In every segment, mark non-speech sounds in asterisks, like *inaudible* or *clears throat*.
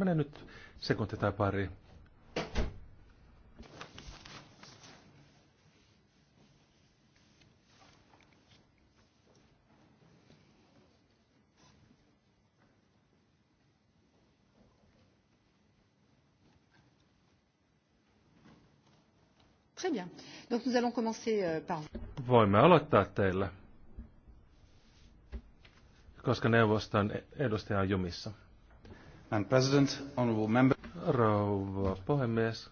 Mene nyt sekunti tai pari. Très bien. Donc nous allons commencer euh, par Voimme aloittaa teillä, koska neuvoston edustaja on jumissa. Madam Rouva puhemies,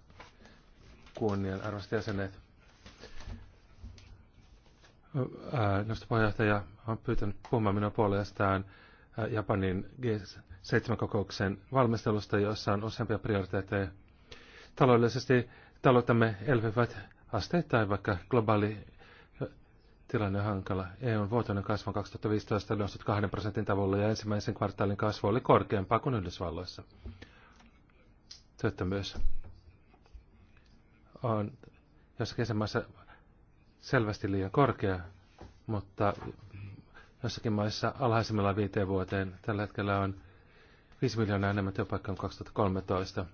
kunnianarvoiset jäsenet. Nosta puheenjohtaja on pyytänyt puhumaan minun puolestaan Japanin G7-kokouksen valmistelusta, jossa on useampia prioriteetteja. Taloudellisesti talouttamme elvyvät asteittain, vaikka globaali tilanne hankala. EUn vuotoinen kasvu 2015 noussut 2 prosentin tavalla ja ensimmäisen kvartaalin kasvu oli korkeampaa kuin Yhdysvalloissa. Työttömyys on jossakin maissa selvästi liian korkea, mutta jossakin maissa alhaisimmillaan viiteen vuoteen. Tällä hetkellä on 5 miljoonaa enemmän työpaikkaa kuin 2013.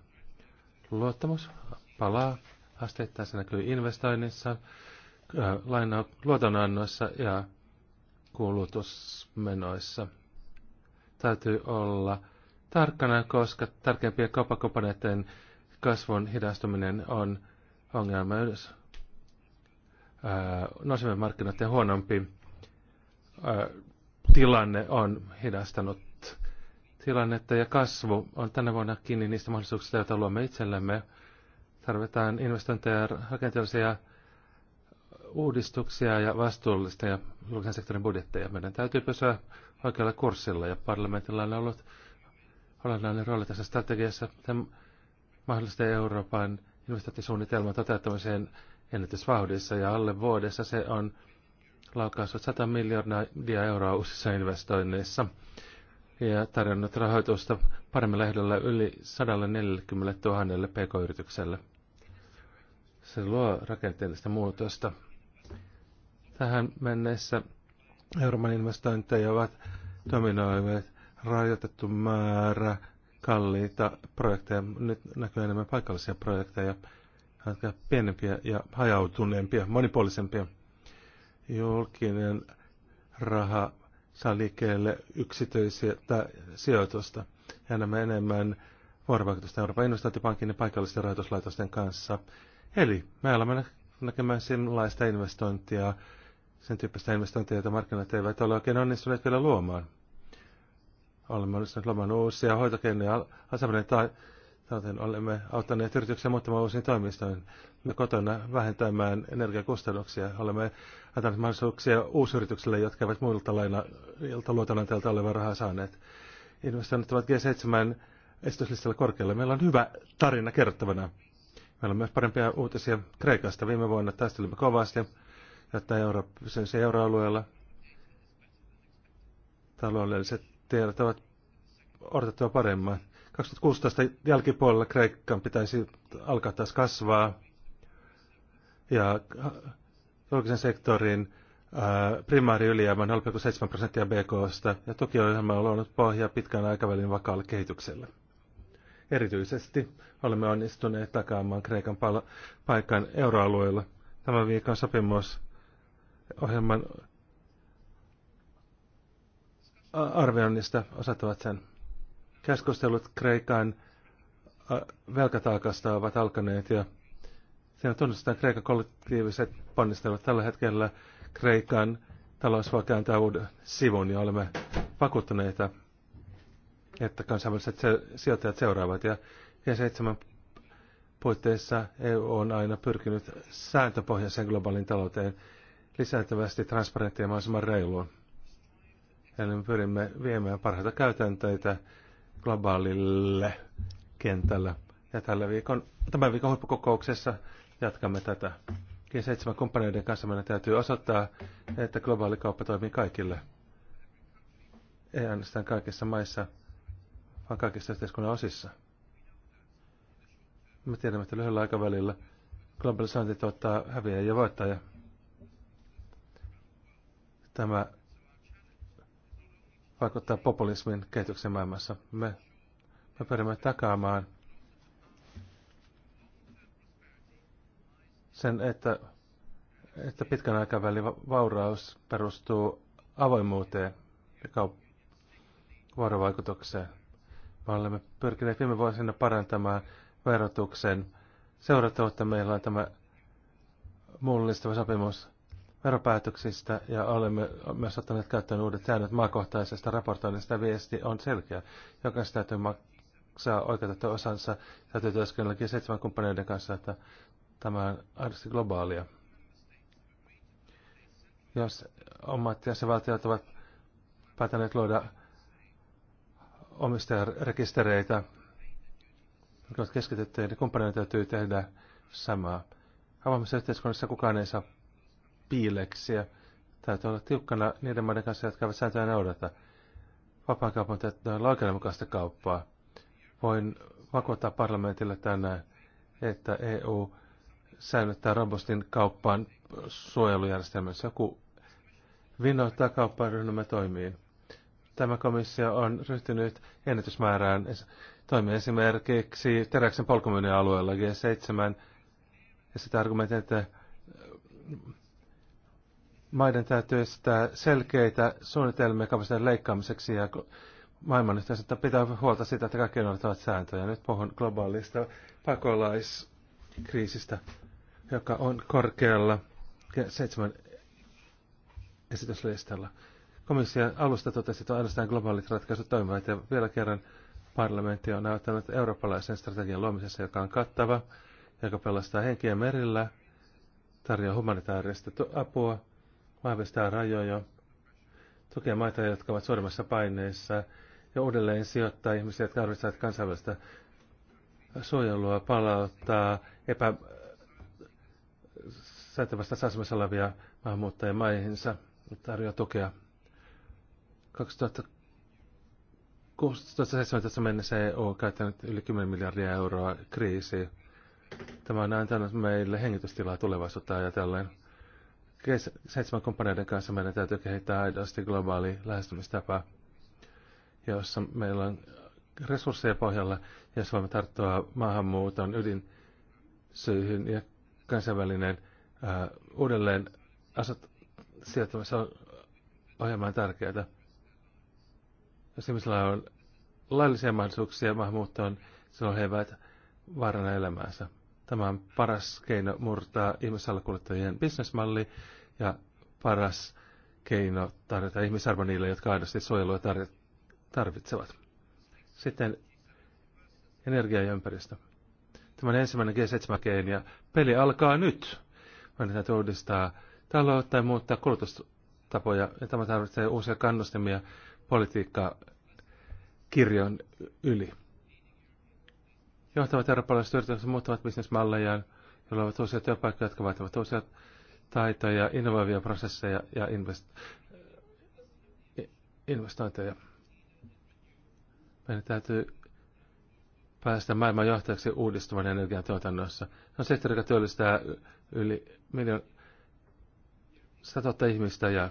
Luottamus palaa asteittain, se näkyy investoinnissa, Äh, laina luotonannoissa ja kulutusmenoissa. Täytyy olla tarkkana, koska tärkeimpien kauppakompaneiden kasvun hidastuminen on ongelma. Yhdys. Äh, Nousevien markkinoiden huonompi ää, äh, tilanne on hidastanut tilannetta ja kasvu on tänä vuonna kiinni niistä mahdollisuuksista, joita luomme itsellemme. Tarvitaan investointeja, rakenteellisia uudistuksia ja vastuullista ja julkisen sektorin budjetteja. Meidän täytyy pysyä oikealla kurssilla ja parlamentilla on ollut olennainen rooli tässä strategiassa tämän mahdollisten Euroopan investointisuunnitelman toteuttamiseen ennätysvauhdissa ja alle vuodessa se on laukaissut 100 miljardia euroa uusissa investoinneissa ja tarjonnut rahoitusta paremmilla ehdolla yli 140 000 pk-yritykselle. Se luo rakenteellista muutosta Tähän mennessä Euroopan investointeja ovat dominoineet rajoitettu määrä kalliita projekteja. Nyt näkyy enemmän paikallisia projekteja, jotka pienempiä ja hajautuneempia, monipuolisempia. Julkinen raha saa liikkeelle yksityisiä tai sijoitusta ja nämä enemmän vuorovaikutusta Euroopan investointipankin ja paikallisten rahoituslaitosten kanssa. Eli me olemme näkemään sellaista investointia sen tyyppistä investointia, jota markkinat eivät ole oikein onnistuneet vielä luomaan. Olemme onnistuneet luomaan uusia hoitokeinoja asemaneet tai Tauten olemme auttaneet yrityksiä muuttamaan uusiin toimistoihin. Me kotona vähentämään energiakustannuksia. Olemme antaneet mahdollisuuksia uusyrityksille, jotka eivät muilta lainalta luotonantajalta ole rahaa saaneet. Investoinnit ovat G7 esityslistalla korkealla. Meillä on hyvä tarina kerrottavana. Meillä on myös parempia uutisia Kreikasta. Viime vuonna taistelimme kovasti jotta sen se euroalueella taloudelliset tiedot ovat odotettua paremmin. 2016 jälkipuolella Kreikan pitäisi alkaa taas kasvaa ja julkisen sektorin primaari ylijäämä 0,7 prosenttia BKsta ja tukiohjelma on ollut pohjaa pitkän aikavälin vakaalle kehitykselle. Erityisesti olemme onnistuneet takaamaan Kreikan paikan euroalueella. Tämän viikon sopimus ohjelman arvioinnista osatavat sen. Keskustelut Kreikan velkataakasta ovat alkaneet ja siinä tunnustetaan Kreikan kollektiiviset ponnistelut. Tällä hetkellä Kreikan talous voi kääntää uuden sivun ja olemme vakuuttuneita, että kansainväliset sijoittajat seuraavat. Ja G7 puitteissa EU on aina pyrkinyt sääntöpohjaiseen globaalin talouteen lisääntyvästi transparenttia ja mahdollisimman reilua. Eli me pyrimme viemään parhaita käytänteitä globaalille kentällä. Ja tällä viikon, tämän viikon huippukokouksessa jatkamme tätä. G7-kumppaneiden kanssa meidän täytyy osoittaa, että globaali kauppa toimii kaikille. Ei ainoastaan kaikissa maissa, vaan kaikissa yhteiskunnan osissa. Me tiedämme, että lyhyellä aikavälillä globalisointi tuottaa häviäjä ja voittaja. Tämä vaikuttaa populismin kehityksen maailmassa. Me, me pyrimme takaamaan sen, että, että pitkän aikavälin vauraus perustuu avoimuuteen ja kaup- vuorovaikutukseen. Me olemme pyrkineet viime vuosina parantamaan verotuksen että Meillä on tämä mullistava sopimus veropäätöksistä ja olemme myös ottaneet käyttöön uudet säännöt maakohtaisesta raportoinnista. Viesti on selkeä. Jokaisen täytyy maksaa oikeutettu osansa. Täytyy työskennelläkin seitsemän kumppaneiden kanssa, että tämä on aidosti globaalia. Jos omat jäsenvaltiot ovat päätäneet luoda omistajarekistereitä, jotka ovat keskitettyjä, niin kumppaneiden täytyy tehdä samaa. Avaamisessa yhteiskunnassa kukaan ei saa piileksiä. Täytyy olla tiukkana niiden maiden kanssa, jotka eivät sääntöjä noudata. Vapaakaupan täytyy olla oikeudenmukaista kauppaa. Voin vakuuttaa parlamentille tänään, että EU säilyttää robustin kauppaan suojelujärjestelmässä. Joku vinnoittaa ryhmämme toimiin. Tämä komissio on ryhtynyt ennätysmäärään toimia esimerkiksi teräksen polkumyynnin alueella G7 ja sitä argumentin, että maiden täytyy esittää selkeitä suunnitelmia kapasiteetin leikkaamiseksi ja maailman yhteisöltä pitää huolta siitä, että kaikki noudattavat sääntöjä. Nyt puhun globaalista pakolaiskriisistä, joka on korkealla seitsemän esityslistalla. Komission alusta totesi, että ainoastaan globaalit ratkaisut toimivat ja vielä kerran parlamentti on näyttänyt eurooppalaisen strategian luomisessa, joka on kattava, joka pelastaa henkiä merillä, tarjoaa humanitaarista apua vahvistaa rajoja, tukea maita, jotka ovat suuremmassa paineessa ja uudelleen sijoittaa ihmisiä, jotka tarvitsevat kansainvälistä suojelua, palauttaa epä säätävästä asemassa olevia maahanmuuttajia maihinsa tarjoaa tukea. 2016-2017 mennessä EU on käyttänyt yli 10 miljardia euroa kriisiin. Tämä on antanut meille hengitystilaa tulevaisuutta ajatellen seitsemän kumppaneiden kanssa meidän täytyy kehittää aidosti globaali lähestymistapa, jossa meillä on resursseja pohjalla, jos voimme tarttua maahanmuuton ydinsyyhyn ja kansainvälinen ää, uudelleen asut, sijoittamassa on on tärkeää. Jos ihmisillä on laillisia mahdollisuuksia maahanmuuttoon, silloin he eivät vaarana elämäänsä. Tämä on paras keino murtaa ihmisalakuljettajien bisnesmalli ja paras keino tarjota ihmisarvo niille, jotka aidosti suojelua tarvitsevat. Sitten energia ja ympäristö. Tämä on ensimmäinen G7-keino ja peli alkaa nyt. Meidän täytyy uudistaa taloutta ja muuttaa kulutustapoja. Ja tämä tarvitsee uusia kannustimia politiikkaa kirjon yli johtavat eurooppalaiset yritykset muuttavat bisnesmalleja, joilla ovat uusia työpaikkoja, jotka vaativat uusia taitoja, innovoivia prosesseja ja invest- investointeja. Meidän täytyy päästä maailman johtajaksi uudistuvan energian tuotannossa. Se on sektori, joka työllistää yli miljoon satotta ihmistä ja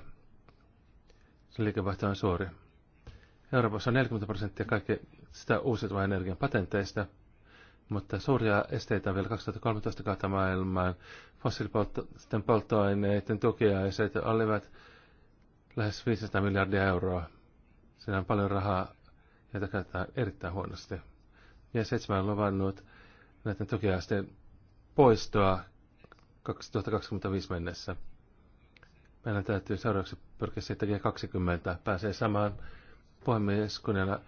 se liikevaihto on suuri. Euroopassa on 40 prosenttia kaikki sitä uusiutuvan energian patenteista – mutta suuria esteitä vielä 2013 kautta maailmaan. Fossiilipolttoaineiden polttoaineiden se, olivat lähes 500 miljardia euroa. Siinä on paljon rahaa, jota käytetään erittäin huonosti. Ja seitsemän on luvannut näiden tukia poistoa 2025 mennessä. Meidän täytyy seuraavaksi pyrkiä siitä G20 pääsee samaan puhemies kunniana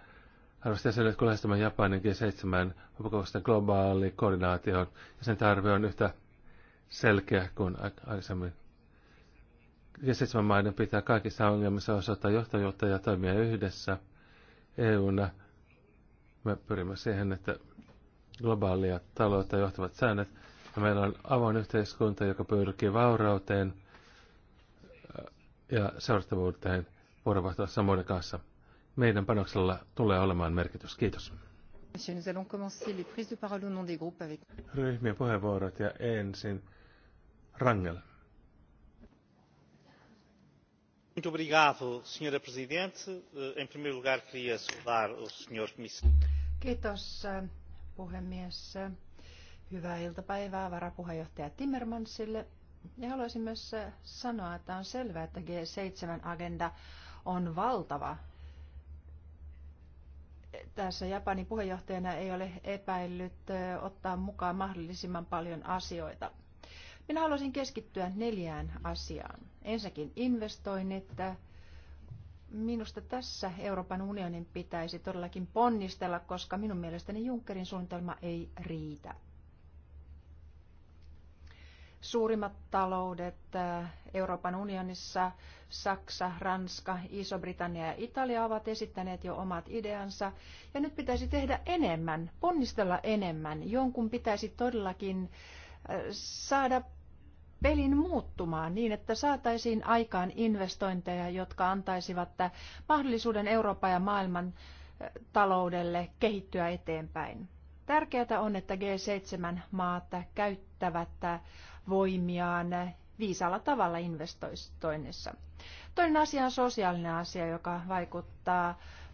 Arvoisat jäsenet, kun lähestymme Japanin G7 huippukokousten globaali koordinaatio ja sen tarve on yhtä selkeä kuin aikaisemmin. G7-maiden pitää kaikissa ongelmissa osoittaa johtajuutta ja toimia yhdessä. EUna me pyrimme siihen, että globaalia taloutta johtavat säännöt ja meillä on avoin yhteiskunta, joka pyrkii vaurauteen ja seurattavuuteen vuorovaihtoa samoiden kanssa meidän panoksella tulee olemaan merkitys. Kiitos. Ryhmien puheenvuorot ja ensin Rangel. Muito obrigado, presidente. Eh, em primeiro lugar, queria saudar o senhor comissário. Kiitos, puhemies. Hyvää iltapäivää varapuheenjohtaja Timmermansille. Ja haluaisin myös sanoa, että on selvää, että G7-agenda on valtava tässä Japanin puheenjohtajana ei ole epäillyt ottaa mukaan mahdollisimman paljon asioita. Minä haluaisin keskittyä neljään asiaan. Ensinnäkin investoinnit. Minusta tässä Euroopan unionin pitäisi todellakin ponnistella, koska minun mielestäni Junckerin suunnitelma ei riitä. Suurimmat taloudet äh, Euroopan unionissa, Saksa, Ranska, Iso-Britannia ja Italia ovat esittäneet jo omat ideansa. Ja nyt pitäisi tehdä enemmän, ponnistella enemmän. Jonkun pitäisi todellakin äh, saada pelin muuttumaan niin, että saataisiin aikaan investointeja, jotka antaisivat äh, mahdollisuuden Euroopan ja maailman taloudelle kehittyä eteenpäin. Tärkeää on, että G7-maat käyttävät voimiaan viisaalla tavalla investoinnissa. Toinen asia on sosiaalinen asia, joka vaikuttaa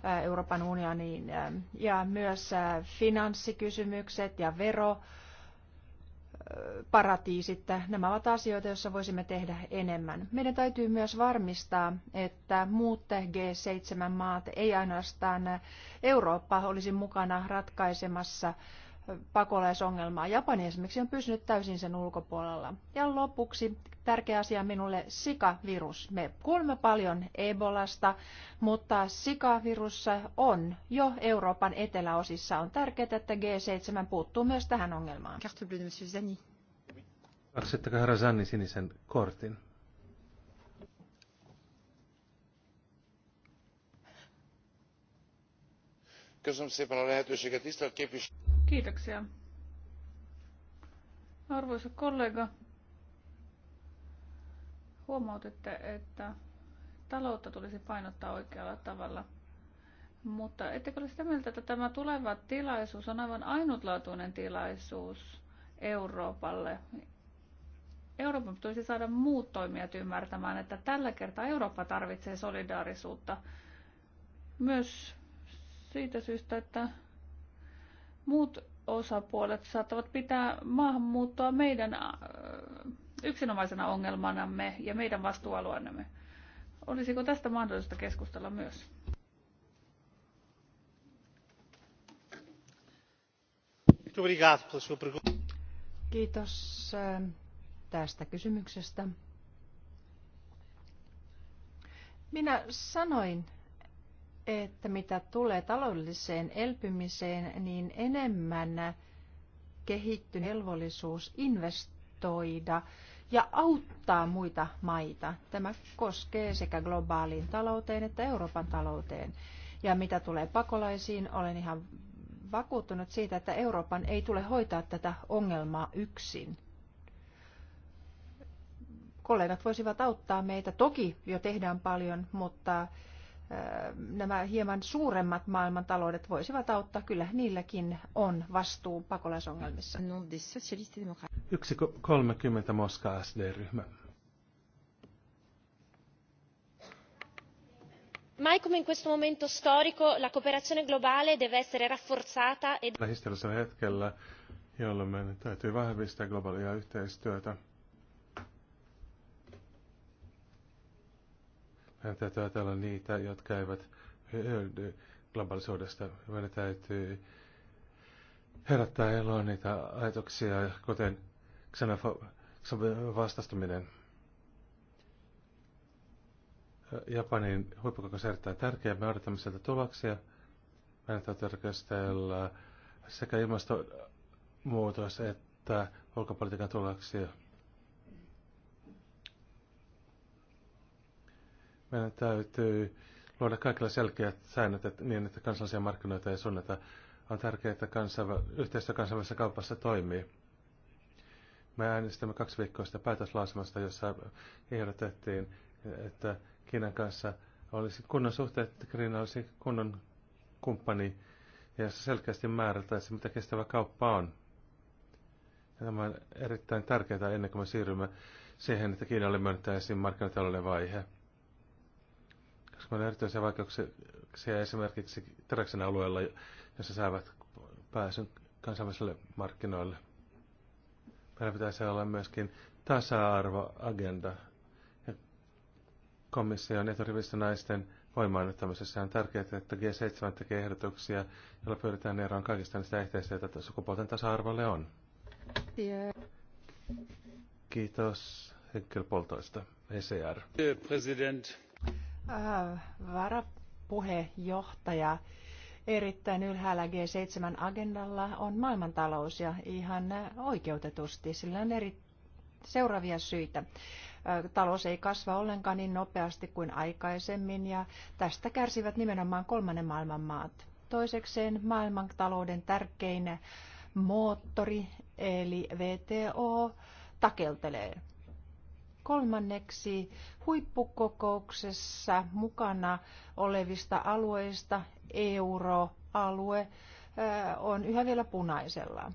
äh, Euroopan unioniin äh, ja myös äh, finanssikysymykset ja vero paratiisit. Nämä ovat asioita, joissa voisimme tehdä enemmän. Meidän täytyy myös varmistaa, että muut G7-maat, ei ainoastaan Eurooppa, olisi mukana ratkaisemassa pakolaisongelmaa. Japani esimerkiksi on pysynyt täysin sen ulkopuolella. Ja lopuksi tärkeä asia minulle sikavirus. Me kuulemme paljon Ebolasta, mutta sikavirus on jo Euroopan eteläosissa. On tärkeää, että G7 puuttuu myös tähän ongelmaan. Carte bleue, monsieur Zani. Maksatteko herra Zanni sinisen kortin? tisztelt képviselő asszony! Kiitoksia. Arvoisa kollega, huomautitte, että taloutta tulisi painottaa oikealla tavalla. Mutta ettekö ole sitä mieltä, että tämä tuleva tilaisuus on aivan ainutlaatuinen tilaisuus Euroopalle? Euroopan tulisi saada muut toimijat ymmärtämään, että tällä kertaa Eurooppa tarvitsee solidaarisuutta myös siitä syystä, että Muut osapuolet saattavat pitää maahanmuuttoa meidän äh, yksinomaisena ongelmanamme ja meidän vastuualueenamme. Olisiko tästä mahdollista keskustella myös? Kiitos äh, tästä kysymyksestä. Minä sanoin että mitä tulee taloudelliseen elpymiseen, niin enemmän kehittynyt velvollisuus investoida ja auttaa muita maita. Tämä koskee sekä globaaliin talouteen että Euroopan talouteen. Ja mitä tulee pakolaisiin, olen ihan vakuuttunut siitä, että Euroopan ei tule hoitaa tätä ongelmaa yksin. Kollegat voisivat auttaa meitä. Toki jo tehdään paljon, mutta nämä hieman suuremmat maailmantaloudet voisivat auttaa. Kyllä niilläkin on vastuu pakolaisongelmissa. Yksi 30 Moska SD-ryhmä. mai come in questo momento storico la cooperazione globale deve essere rafforzata e. historiallisella hetkellä jolloin meidän täytyy vahvistaa globaalia yhteistyötä Meidän täytyy ajatella niitä, jotka eivät hyödy globaalisuudesta. Meidän täytyy herättää eloa niitä ajatuksia, kuten xenofo- vastastuminen. Japanin huippukokous erittäin tärkeä. Me odotamme sieltä tuloksia. Meidän täytyy tarkastella sekä ilmastonmuutos että ulkopolitiikan tuloksia. Meidän täytyy luoda kaikilla selkeät säännöt että, niin, että kansallisia markkinoita ei sunneta. On tärkeää, että kansainvä- yhteistyö kansainvälisessä kaupassa toimii. Me äänestämme kaksi viikkoa sitä päätöslausumasta, jossa ehdotettiin, että Kiinan kanssa olisi kunnon suhteet, että Kiina olisi kunnon kumppani ja se selkeästi määrältäisi, mitä kestävä kauppa on. Ja tämä on erittäin tärkeää ennen kuin me siirrymme siihen, että Kiinalle myönnettäisiin markkinatalouden vaihe koska meillä on erityisiä vaikeuksia esimerkiksi Teräksen alueella, jossa saavat pääsyn kansainvälisille markkinoille. Meillä pitäisi olla myöskin tasa-arvoagenda. Ja komission eturivistä naisten voimaannuttamisessa on tärkeää, että G7 tekee ehdotuksia, joilla pyritään eroon kaikista niistä ehteistä, joita sukupuolten tasa-arvolle on. Yeah. Kiitos Henkel Poltoista, ECR. President. Äh, varapuheenjohtaja erittäin ylhäällä G7-agendalla on maailmantalous ja ihan oikeutetusti. Sillä on eri seuraavia syitä. Äh, talous ei kasva ollenkaan niin nopeasti kuin aikaisemmin ja tästä kärsivät nimenomaan kolmannen maailman maat. Toisekseen maailmantalouden tärkein moottori eli VTO takeltelee. Kolmanneksi huippukokouksessa mukana olevista alueista euroalue äh, on yhä vielä punaisella.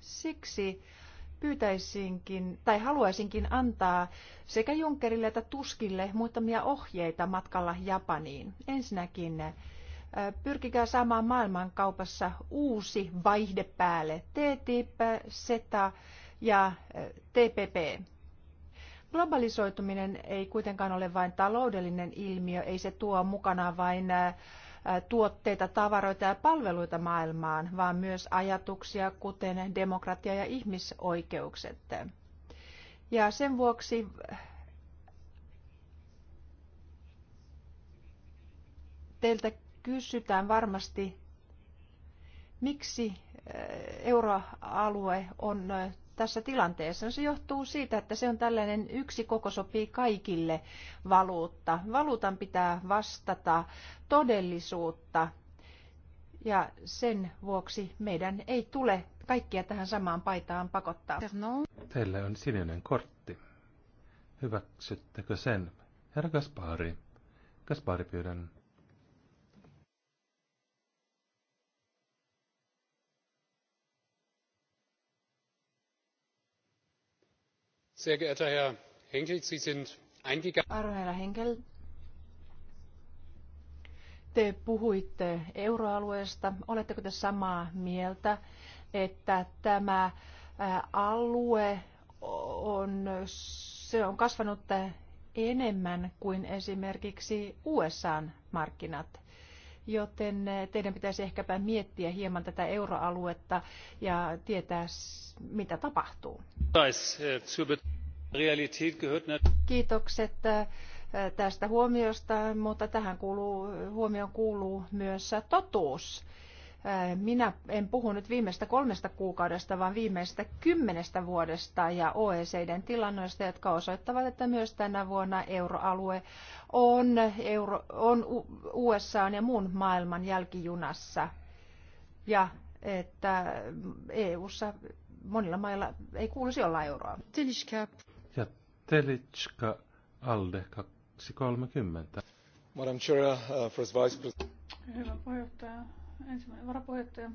Siksi pyytäisinkin tai haluaisinkin antaa sekä Junckerille että Tuskille muutamia ohjeita matkalla Japaniin. Ensinnäkin äh, pyrkikää saamaan maailmankaupassa uusi vaihde päälle TTIP, SETA ja äh, TPP Globalisoituminen ei kuitenkaan ole vain taloudellinen ilmiö, ei se tuo mukana vain äh, tuotteita, tavaroita ja palveluita maailmaan, vaan myös ajatuksia, kuten demokratia ja ihmisoikeukset. Ja sen vuoksi äh, teiltä kysytään varmasti, miksi äh, euroalue on tässä tilanteessa? No se johtuu siitä, että se on tällainen yksi koko sopii kaikille valuutta. Valuutan pitää vastata todellisuutta ja sen vuoksi meidän ei tule kaikkia tähän samaan paitaan pakottaa. Teillä on sininen kortti. Hyväksyttekö sen? Herra Gaspari. Gaspari pyydän sehr geehrter herr henkel sie sind arvoisa herra henkel te puhuitte euroalueesta. Oletteko te samaa mieltä, että tämä alue on, se on kasvanut enemmän kuin esimerkiksi USAn markkinat? joten eh, teidän pitäisi ehkäpä miettiä hieman tätä euroaluetta ja tietää, mitä tapahtuu. Eh, Kiitokset eh, tästä huomiosta, mutta tähän kuuluu, huomioon kuuluu myös totuus. Minä en puhu nyt viimeistä kolmesta kuukaudesta, vaan viimeistä kymmenestä vuodesta ja OECDn tilannoista, jotka osoittavat, että myös tänä vuonna euroalue on, euro, on USA ja muun maailman jälkijunassa. Ja että EU-ssa monilla mailla ei kuulisi olla euroa. Telitska. Ja Telitska Alde 230. Madam Chair, uh, First Vice President. Hyvä puheenjohtaja, ensimmäinen varapuheenjohtaja.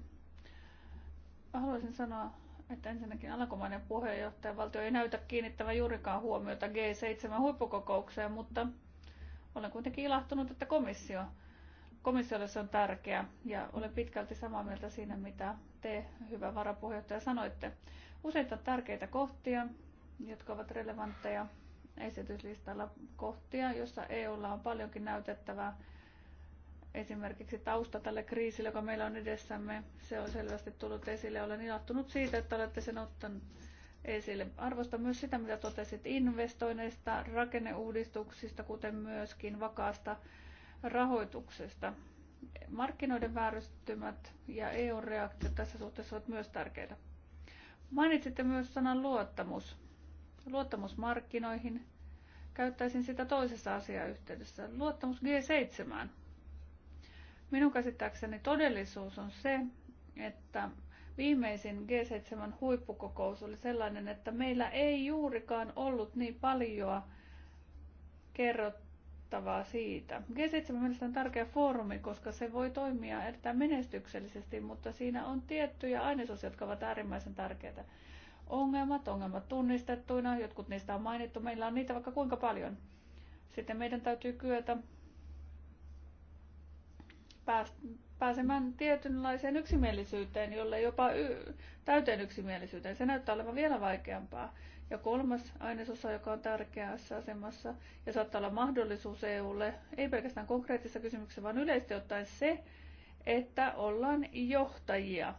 Haluaisin sanoa, että ensinnäkin alakomainen puheenjohtaja valtio ei näytä kiinnittävän juurikaan huomiota G7-huippukokoukseen, mutta olen kuitenkin ilahtunut, että komissio, komissiolle se on tärkeä ja olen pitkälti samaa mieltä siinä, mitä te, hyvä varapuheenjohtaja, sanoitte. Useita tärkeitä kohtia, jotka ovat relevantteja esityslistalla kohtia, jossa EUlla on paljonkin näytettävää esimerkiksi tausta tälle kriisille, joka meillä on edessämme. Se on selvästi tullut esille. Olen ilahtunut siitä, että olette sen ottanut esille. Arvostan myös sitä, mitä totesit investoinneista, rakenneuudistuksista, kuten myöskin vakaasta rahoituksesta. Markkinoiden vääristymät ja EU-reaktiot tässä suhteessa ovat myös tärkeitä. Mainitsitte myös sanan luottamus. Luottamus markkinoihin. Käyttäisin sitä toisessa asiayhteydessä. Luottamus G7. Minun käsittääkseni todellisuus on se, että viimeisin G7-huippukokous oli sellainen, että meillä ei juurikaan ollut niin paljon kerrottavaa siitä. G7 mielestäni on tärkeä foorumi, koska se voi toimia erittäin menestyksellisesti, mutta siinä on tiettyjä ainesosia, jotka ovat äärimmäisen tärkeitä. Ongelmat, ongelmat tunnistettuina, jotkut niistä on mainittu, meillä on niitä vaikka kuinka paljon. Sitten meidän täytyy kyetä pääsemään tietynlaiseen yksimielisyyteen, jolle jopa y- täyteen yksimielisyyteen. Se näyttää olevan vielä vaikeampaa. Ja kolmas ainesosa, joka on tärkeässä asemassa ja saattaa olla mahdollisuus EUlle, ei pelkästään konkreettisissa kysymyksissä, vaan yleisesti ottaen se, että ollaan johtajia.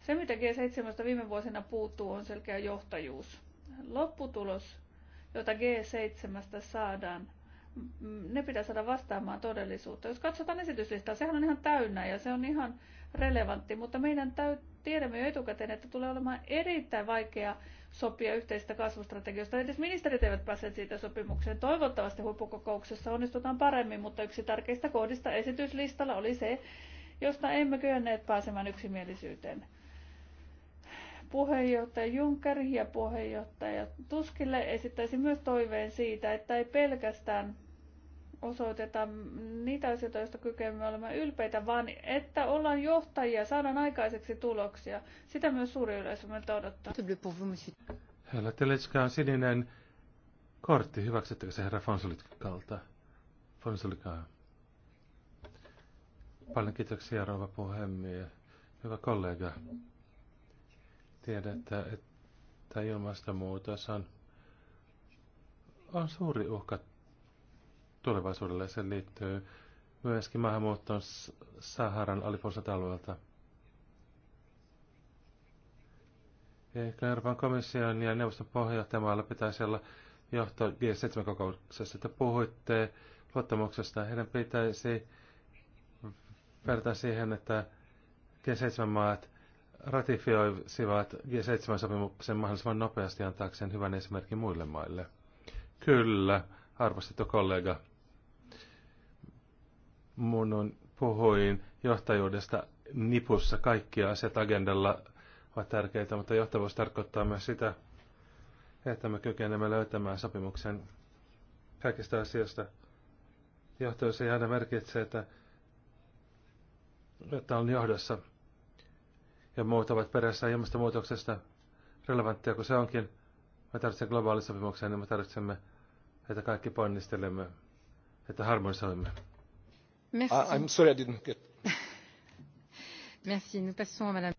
Se, mitä G17 viime vuosina puuttuu, on selkeä johtajuus. Lopputulos, jota G7 saadaan, Mm, ne pitää saada vastaamaan todellisuutta. Jos katsotaan esityslistaa, sehän on ihan täynnä ja se on ihan relevantti, mutta meidän tiedämme jo etukäteen, että tulee olemaan erittäin vaikea sopia yhteistä kasvustrategiosta. Edes ministerit eivät pääse siitä sopimukseen. Toivottavasti huippukokouksessa onnistutaan paremmin, mutta yksi tärkeistä kohdista esityslistalla oli se, josta emme kyenneet pääsemään yksimielisyyteen. Puheenjohtaja Juncker ja puheenjohtaja Tuskille esittäisi myös toiveen siitä, että ei pelkästään osoiteta niitä asioita, joista kykenemme olemaan ylpeitä, vaan että ollaan johtajia, saadaan aikaiseksi tuloksia. Sitä myös suuri yleisö meiltä odottaa. Herra Teletska on sininen kortti. Hyväksyttekö se herra Fonsolikalta? Fonsolikaa. Paljon kiitoksia, rouva puhemies. Hyvä kollega. Tiedätte, että ilmastonmuutos on, on suuri uhka tulevaisuudelle. Se liittyy myöskin maahanmuuttoon Saharan alipuoliselta alueelta. Euroopan komission ja neuvoston pohjohtajamaalla pitäisi olla johto G7-kokouksessa, että puhuitte luottamuksesta. Heidän pitäisi verrata siihen, että G7-maat ratifioisivat G7-sopimuksen mahdollisimman nopeasti antaakseen hyvän esimerkin muille maille. Kyllä, arvostettu kollega on puhuin johtajuudesta nipussa. Kaikki asiat agendalla ovat tärkeitä, mutta johtavuus tarkoittaa myös sitä, että me kykenemme löytämään sopimuksen kaikista asioista. Johtajuus ei aina merkitse, että, että on johdossa ja muut ovat perässä ilmastonmuutoksesta relevanttia kuin se onkin. Me tarvitsemme globaalisopimuksen, sopimuksen, niin me tarvitsemme, että kaikki ponnistelemme, että harmonisoimme. Merci. Ah, I'm sorry I didn't get... *laughs* Merci. Nous passons à Madame.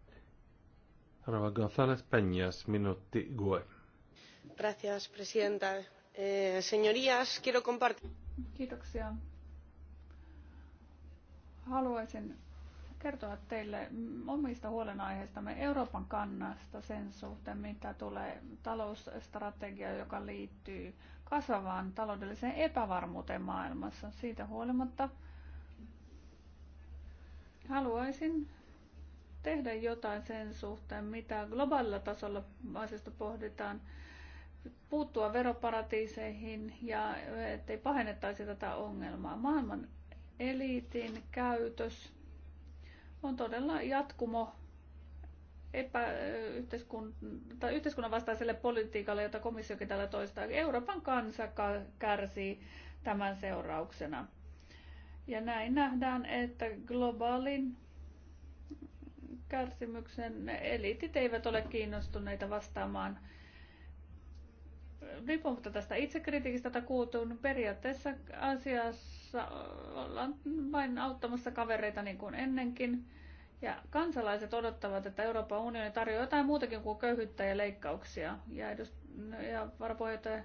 González Peñas, GUE. Gracias, presidenta. Eh, señorías, quiero compartir... Kiitoksia. Haluaisin kertoa teille omista huolenaiheistamme Euroopan kannasta sen suhteen, mitä tulee talousstrategiaan, joka liittyy kasvavaan taloudelliseen epävarmuuteen maailmassa. Siitä huolimatta Haluaisin tehdä jotain sen suhteen, mitä globaalilla tasolla asiasta pohditaan, puuttua veroparatiiseihin ja ettei pahennettaisi tätä ongelmaa. Maailman eliitin käytös on todella jatkumo epä, yhteiskun, tai yhteiskunnan vastaiselle politiikalle, jota komissiokin täällä toistaa. Euroopan kansa kärsii tämän seurauksena. Ja näin nähdään, että globaalin kärsimyksen eliitit eivät ole kiinnostuneita vastaamaan riippumatta tästä itsekritiikistä, jota kuultuun, periaatteessa asiassa ollaan vain auttamassa kavereita niin kuin ennenkin. Ja kansalaiset odottavat, että Euroopan unioni tarjoaa jotain muutakin kuin köyhyyttä ja leikkauksia. Ja, edust- ja varapuheenjohtaja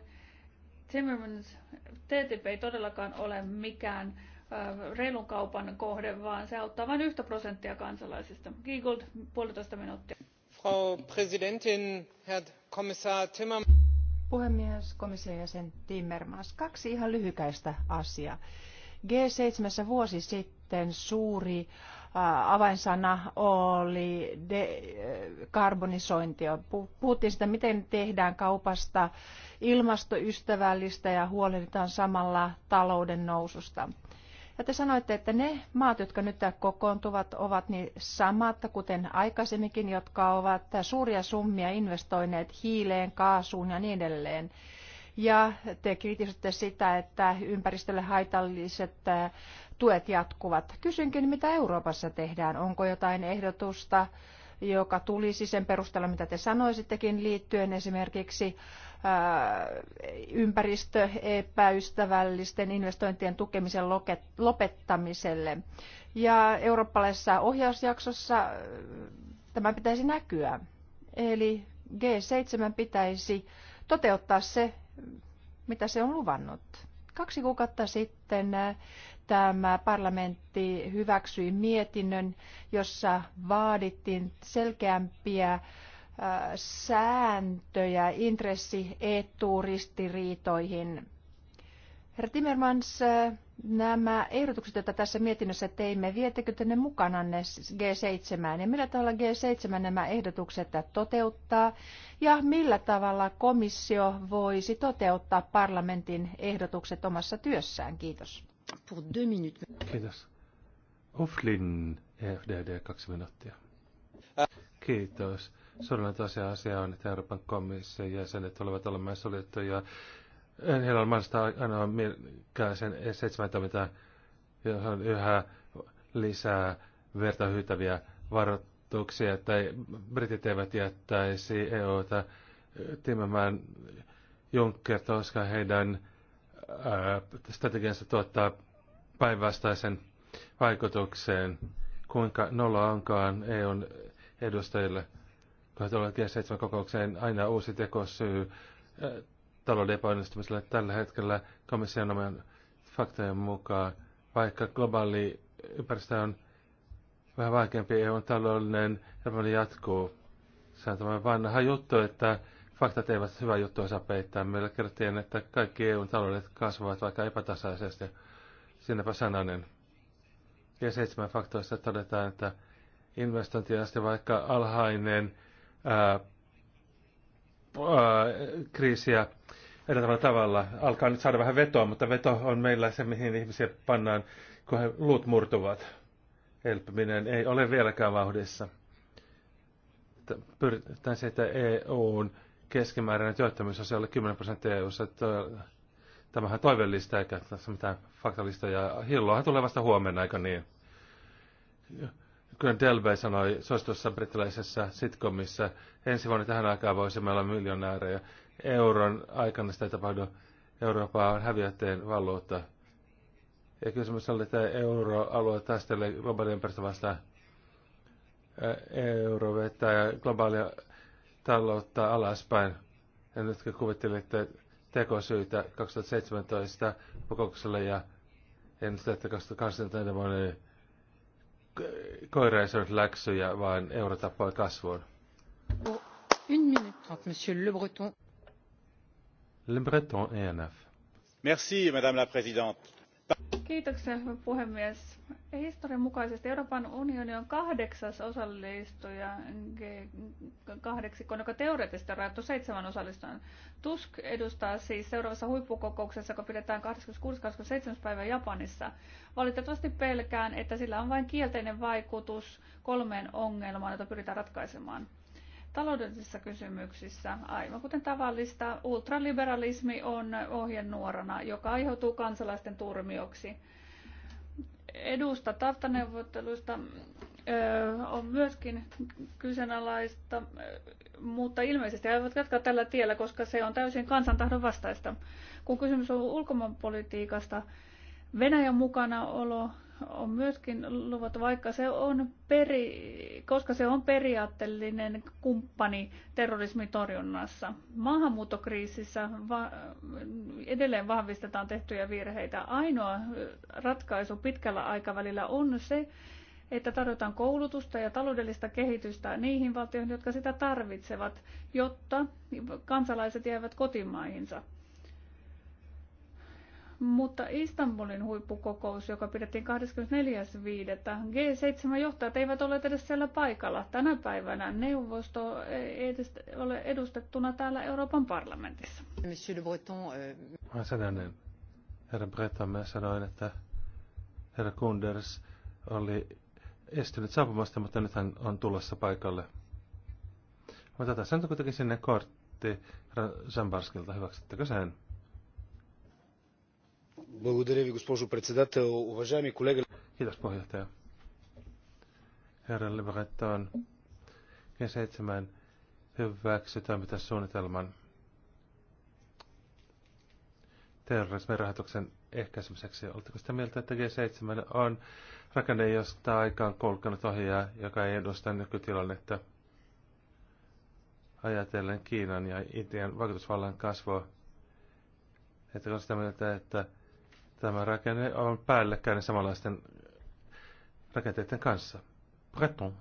Timmermans, TTIP ei todellakaan ole mikään reilun kaupan kohde, vaan se auttaa vain yhtä prosenttia kansalaisista. Giegold, puolitoista minuuttia. Frau Präsidentin, Herr Kommissar Timmermans. Puhemies, komission jäsen Timmermans. Kaksi ihan lyhykäistä asiaa. G7 vuosi sitten suuri avainsana oli dekarbonisointi. Puhuttiin sitä, miten tehdään kaupasta ilmastoystävällistä ja huolehditaan samalla talouden noususta. Ja te sanoitte, että ne maat, jotka nyt kokoontuvat, ovat niin samat, kuten aikaisemminkin, jotka ovat suuria summia investoineet hiileen, kaasuun ja niin edelleen. Ja te kritisoitte sitä, että ympäristölle haitalliset tuet jatkuvat. Kysynkin, mitä Euroopassa tehdään? Onko jotain ehdotusta, joka tulisi sen perusteella, mitä te sanoisittekin liittyen esimerkiksi Äh, ympäristöepäystävällisten investointien tukemisen lopettamiselle. Ja eurooppalaisessa ohjausjaksossa äh, tämä pitäisi näkyä. Eli G7 pitäisi toteuttaa se, mitä se on luvannut. Kaksi kuukautta sitten äh, tämä parlamentti hyväksyi mietinnön, jossa vaadittiin selkeämpiä sääntöjä intressieturistiriitoihin. Herra Timmermans, nämä ehdotukset, joita tässä mietinnössä teimme, viettekö te ne mukananne G7 ja millä tavalla G7 nämä ehdotukset toteuttaa ja millä tavalla komissio voisi toteuttaa parlamentin ehdotukset omassa työssään? Kiitos. Kiitos. Oflin, EFDD, kaksi minuuttia. Kiitos. Surullinen tosiaan asia on, että Euroopan komission jäsenet olivat olemaan suljettuja. En heillä ole mahdollista ainoa mikään sen E7, johon on yhä lisää verta hyytäviä varoituksia, että britit eivät jättäisi EUta timmämään Juncker, koska heidän ää, strategiansa tuottaa päinvastaisen vaikutukseen, kuinka nolla onkaan EUn edustajille – kun tulee G7-kokoukseen aina uusi tekosyy talouden epäonnistumiselle tällä hetkellä komission oman faktojen mukaan, vaikka globaali ympäristö on vähän vaikeampi, EUn taloudellinen elämä jatkuu. Se on tämä vanha juttu, että faktat eivät hyvä juttu osaa peittää. Meillä kerrottiin, että kaikki EUn taloudet kasvavat vaikka epätasaisesti. Siinäpä sananen. G7-faktoissa todetaan, että investointiaste vaikka alhainen – kriisiä edeltävällä tavalla. Alkaa nyt saada vähän vetoa, mutta veto on meillä se, mihin ihmisiä pannaan, kun he luut murtuvat. Elpyminen ei ole vieläkään vauhdissa. Pyritään se, että EUn keskimääräinen työttömyys on siellä 10 prosenttia EU. Tämähän toivellista eikä tässä mitään faktallista. Ja hilloahan tulee vasta huomenna, eikö niin? Kylän Delvey sanoi suositussa brittiläisessä sitcomissa, ensi vuonna tähän aikaan voisimme olla miljonäärejä. Euron aikana sitä ei tapahdu. Eurooppa on häviötteen valuutta. Ja kysymys oli, että euroalue taistelee globaalia ympäristö vastaan. Euro vetää globaalia taloutta alaspäin. Ja nyt kun kuvittelitte tekosyitä 2017 kokoukselle ja ennustatte 2018, niin koira ei saanut läksyjä, vaan euro tappoi kasvun. Une minute trente, monsieur Le Breton. Le Breton, ENF. Merci, madame la présidente Kiitoksia, puhemies. Historian mukaisesti Euroopan unioni on kahdeksas osallistuja G8, joka teoreettisesti on rajattu seitsemän osallistujan. Tusk edustaa siis seuraavassa huippukokouksessa, joka pidetään 26.27. päivä Japanissa. Valitettavasti pelkään, että sillä on vain kielteinen vaikutus kolmeen ongelmaan, jota pyritään ratkaisemaan taloudellisissa kysymyksissä, aivan kuten tavallista, ultraliberalismi on ohjenuorana, joka aiheutuu kansalaisten turmioksi. Edusta taftaneuvotteluista on myöskin kyseenalaista, mutta ilmeisesti he eivät jatkaa tällä tiellä, koska se on täysin kansantahdon vastaista. Kun kysymys on ulkomaanpolitiikasta, Venäjän mukanaolo on myöskin luvattu, vaikka se on peri, koska se on periaatteellinen kumppani terrorismitorjunnassa. Maahanmuuttokriisissä va- edelleen vahvistetaan tehtyjä virheitä. Ainoa ratkaisu pitkällä aikavälillä on se, että tarjotaan koulutusta ja taloudellista kehitystä niihin valtioihin, jotka sitä tarvitsevat, jotta kansalaiset jäävät kotimaihinsa. Mutta Istanbulin huippukokous, joka pidettiin 24.5. G7-johtajat eivät ole edes siellä paikalla. Tänä päivänä neuvosto ei edes ole edustettuna täällä Euroopan parlamentissa. Monsieur Le Breton, euh, Mä sanoin, niin herra Breton, mä sanoin, että herra Kunders oli estynyt saapumasta, mutta nyt hän on tulossa paikalle. Mutta tässä on kuitenkin sinne kortti Zambarskilta. Hyväksyttekö sen? Благодаря ви, госпожо председател. Уважаеми колега... Kiitos puheenjohtaja. Herra Libretton, G7 hyväksy terrorismin rahoituksen ehkäisemiseksi. Oletteko sitä mieltä, että G7 on rakenne, josta aikaan kolkanut ohjaa, joka ei edusta nykytilannetta? Ajatellen Kiinan ja Intian vaikutusvallan kasvua. Että on sitä mieltä, että Tämä rakenne on päällekkäinen samanlaisten rakenteiden kanssa. Breton.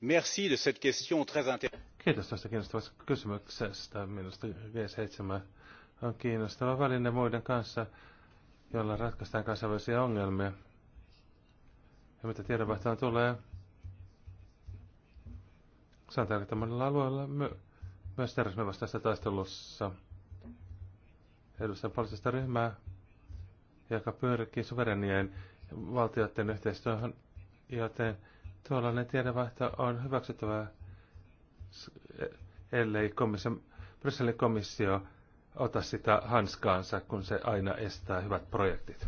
Merci de cette question très Kiitos tästä kiinnostavasta kysymyksestä. Minusta G7 on kiinnostava väline muiden kanssa, jolla ratkaistaan kansainvälisiä ongelmia. Ja mitä tiedonvaihtoa tulee, se on tärkeää monilla alueilla my- myös terrorismin vastaisessa taistelussa edustan poliittista ryhmää, joka pyrkii suverenien valtioiden yhteistyöhön, joten tuollainen tiedevaihto on hyväksyttävää, ellei komissio, Brysselin komissio ota sitä hanskaansa, kun se aina estää hyvät projektit.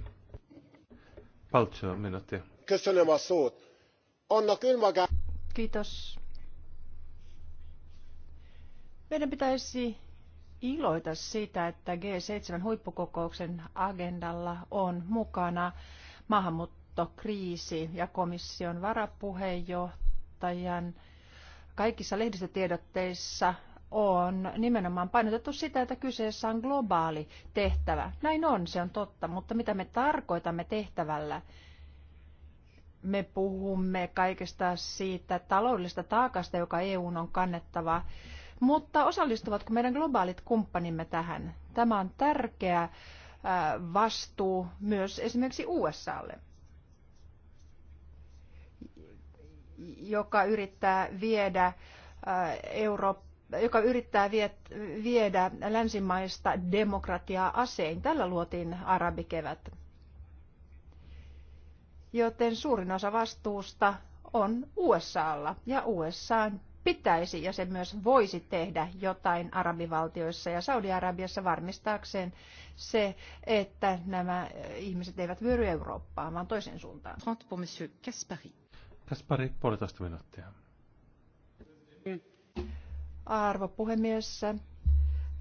Paltsio, minuutti. Kiitos. Meidän pitäisi iloita siitä, että G7-huippukokouksen agendalla on mukana maahanmuuttokriisi ja komission varapuheenjohtajan kaikissa lehdistötiedotteissa on nimenomaan painotettu sitä, että kyseessä on globaali tehtävä. Näin on, se on totta, mutta mitä me tarkoitamme tehtävällä? Me puhumme kaikesta siitä taloudellisesta taakasta, joka EUn on kannettava mutta osallistuvatko meidän globaalit kumppanimme tähän? Tämä on tärkeä äh, vastuu myös esimerkiksi USAlle, joka yrittää viedä äh, Eurooppaa joka yrittää viedä länsimaista demokratiaa asein. Tällä luotiin arabikevät. Joten suurin osa vastuusta on USAlla ja USAn pitäisi ja se myös voisi tehdä jotain arabivaltioissa ja Saudi-Arabiassa varmistaakseen se, että nämä äh, ihmiset eivät vyöry Eurooppaan, vaan toiseen suuntaan. Kaspari. Kaspari, puolitoista minuuttia. Arvo puhemies,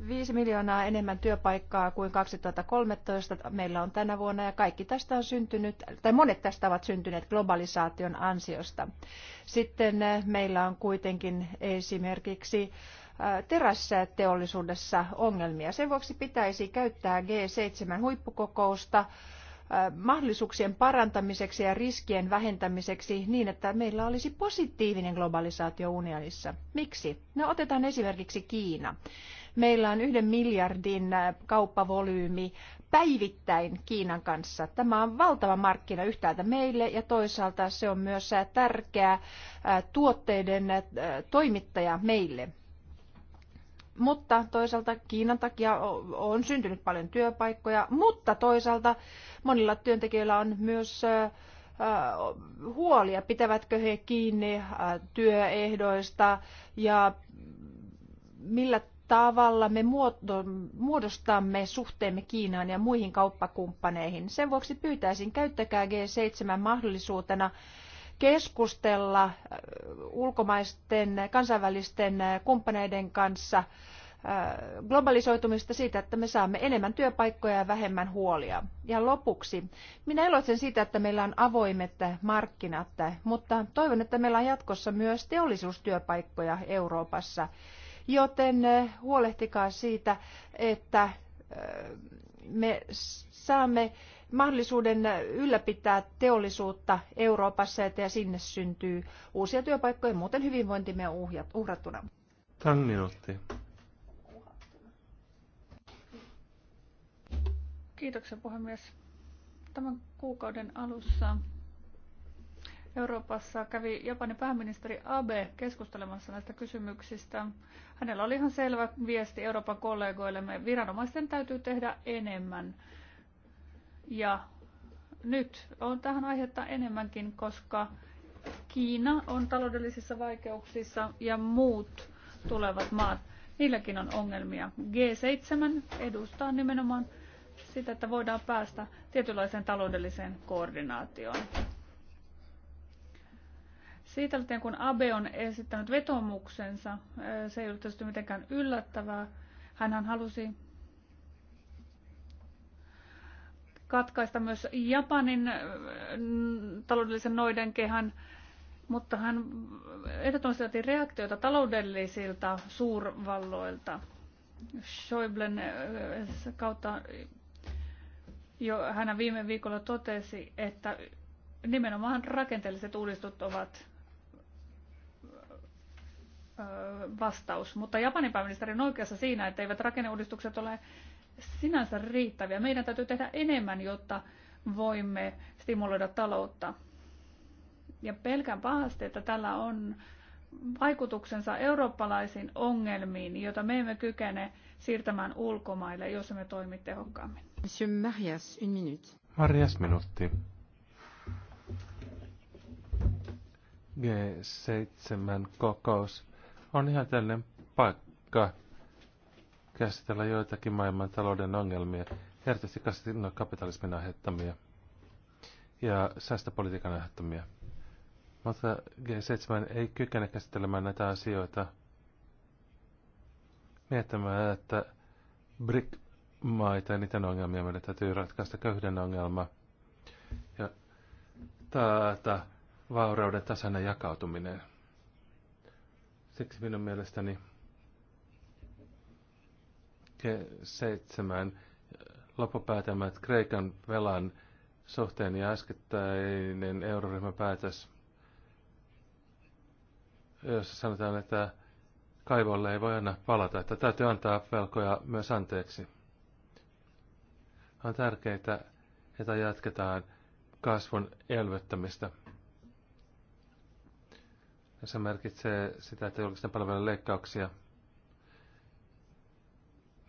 5 miljoonaa enemmän työpaikkaa kuin 2013 meillä on tänä vuonna ja kaikki tästä on syntynyt, tai monet tästä ovat syntyneet globalisaation ansiosta. Sitten eh, meillä on kuitenkin esimerkiksi eh, terästeollisuudessa ongelmia. Sen vuoksi pitäisi käyttää G7 huippukokousta mahdollisuuksien parantamiseksi ja riskien vähentämiseksi niin, että meillä olisi positiivinen globalisaatio unionissa. Miksi? No otetaan esimerkiksi Kiina. Meillä on yhden miljardin kauppavolyymi päivittäin Kiinan kanssa. Tämä on valtava markkina yhtäältä meille ja toisaalta se on myös tärkeä tuotteiden toimittaja meille mutta toisaalta Kiinan takia on syntynyt paljon työpaikkoja, mutta toisaalta monilla työntekijöillä on myös huolia, pitävätkö he kiinni työehdoista ja millä tavalla me muodostamme suhteemme Kiinaan ja muihin kauppakumppaneihin. Sen vuoksi pyytäisin, käyttäkää G7 mahdollisuutena keskustella äh, ulkomaisten kansainvälisten äh, kumppaneiden kanssa äh, globalisoitumista siitä, että me saamme enemmän työpaikkoja ja vähemmän huolia. Ja lopuksi, minä iloitsen siitä, että meillä on avoimet markkinat, mutta toivon, että meillä on jatkossa myös teollisuustyöpaikkoja Euroopassa. Joten huolehtikaa siitä, että me saamme mahdollisuuden ylläpitää teollisuutta Euroopassa, ja sinne syntyy uusia työpaikkoja, muuten hyvinvointimme on uhrattuna. Tang minuutti. Kiitoksia puhemies. Tämän kuukauden alussa Euroopassa kävi Japanin pääministeri Abe keskustelemassa näistä kysymyksistä. Hänellä oli ihan selvä viesti Euroopan kollegoillemme, viranomaisten täytyy tehdä enemmän ja nyt on tähän aihetta enemmänkin, koska Kiina on taloudellisissa vaikeuksissa ja muut tulevat maat, niilläkin on ongelmia. G7 edustaa nimenomaan sitä, että voidaan päästä tietynlaiseen taloudelliseen koordinaatioon. Siitä lähtien, kun Abe on esittänyt vetomuksensa, se ei ollut tietysti mitenkään yllättävää. Hänhän halusi katkaista myös Japanin äh, taloudellisen noidenkehän, mutta hän ehdottomasti otti reaktioita taloudellisilta suurvalloilta. Schäublen äh, kautta jo hän viime viikolla totesi, että nimenomaan rakenteelliset uudistukset ovat äh, vastaus. Mutta Japanin pääministeri on oikeassa siinä, että eivät rakenneuudistukset ole sinänsä riittäviä. Meidän täytyy tehdä enemmän, jotta voimme stimuloida taloutta. Ja pelkän pahasti, että tällä on vaikutuksensa eurooppalaisiin ongelmiin, joita me emme kykene siirtämään ulkomaille, jos me toimi tehokkaammin. Monsieur Marias, une minute. Marias, minuutti. G7-kokous on ihan tällainen paikka, käsitellä joitakin maailman talouden ongelmia, erityisesti kasinokapitalismin aiheuttamia ja säästöpolitiikan aiheuttamia. Mutta G7 ei kykene käsittelemään näitä asioita miettimään, että BRIC-maita ja niiden ongelmia meidän täytyy ratkaista köyhden ongelma ja taata vaurauden tasainen jakautuminen. Siksi minun mielestäni seitsemän 7 loppupäätämät Kreikan velan suhteen ja äskettäinen euroryhmän päätös, jossa sanotaan, että kaivolle ei voi aina palata, että täytyy antaa velkoja myös anteeksi. On tärkeää, että jatketaan kasvun elvyttämistä. Se merkitsee sitä, että julkisten palvelujen leikkauksia –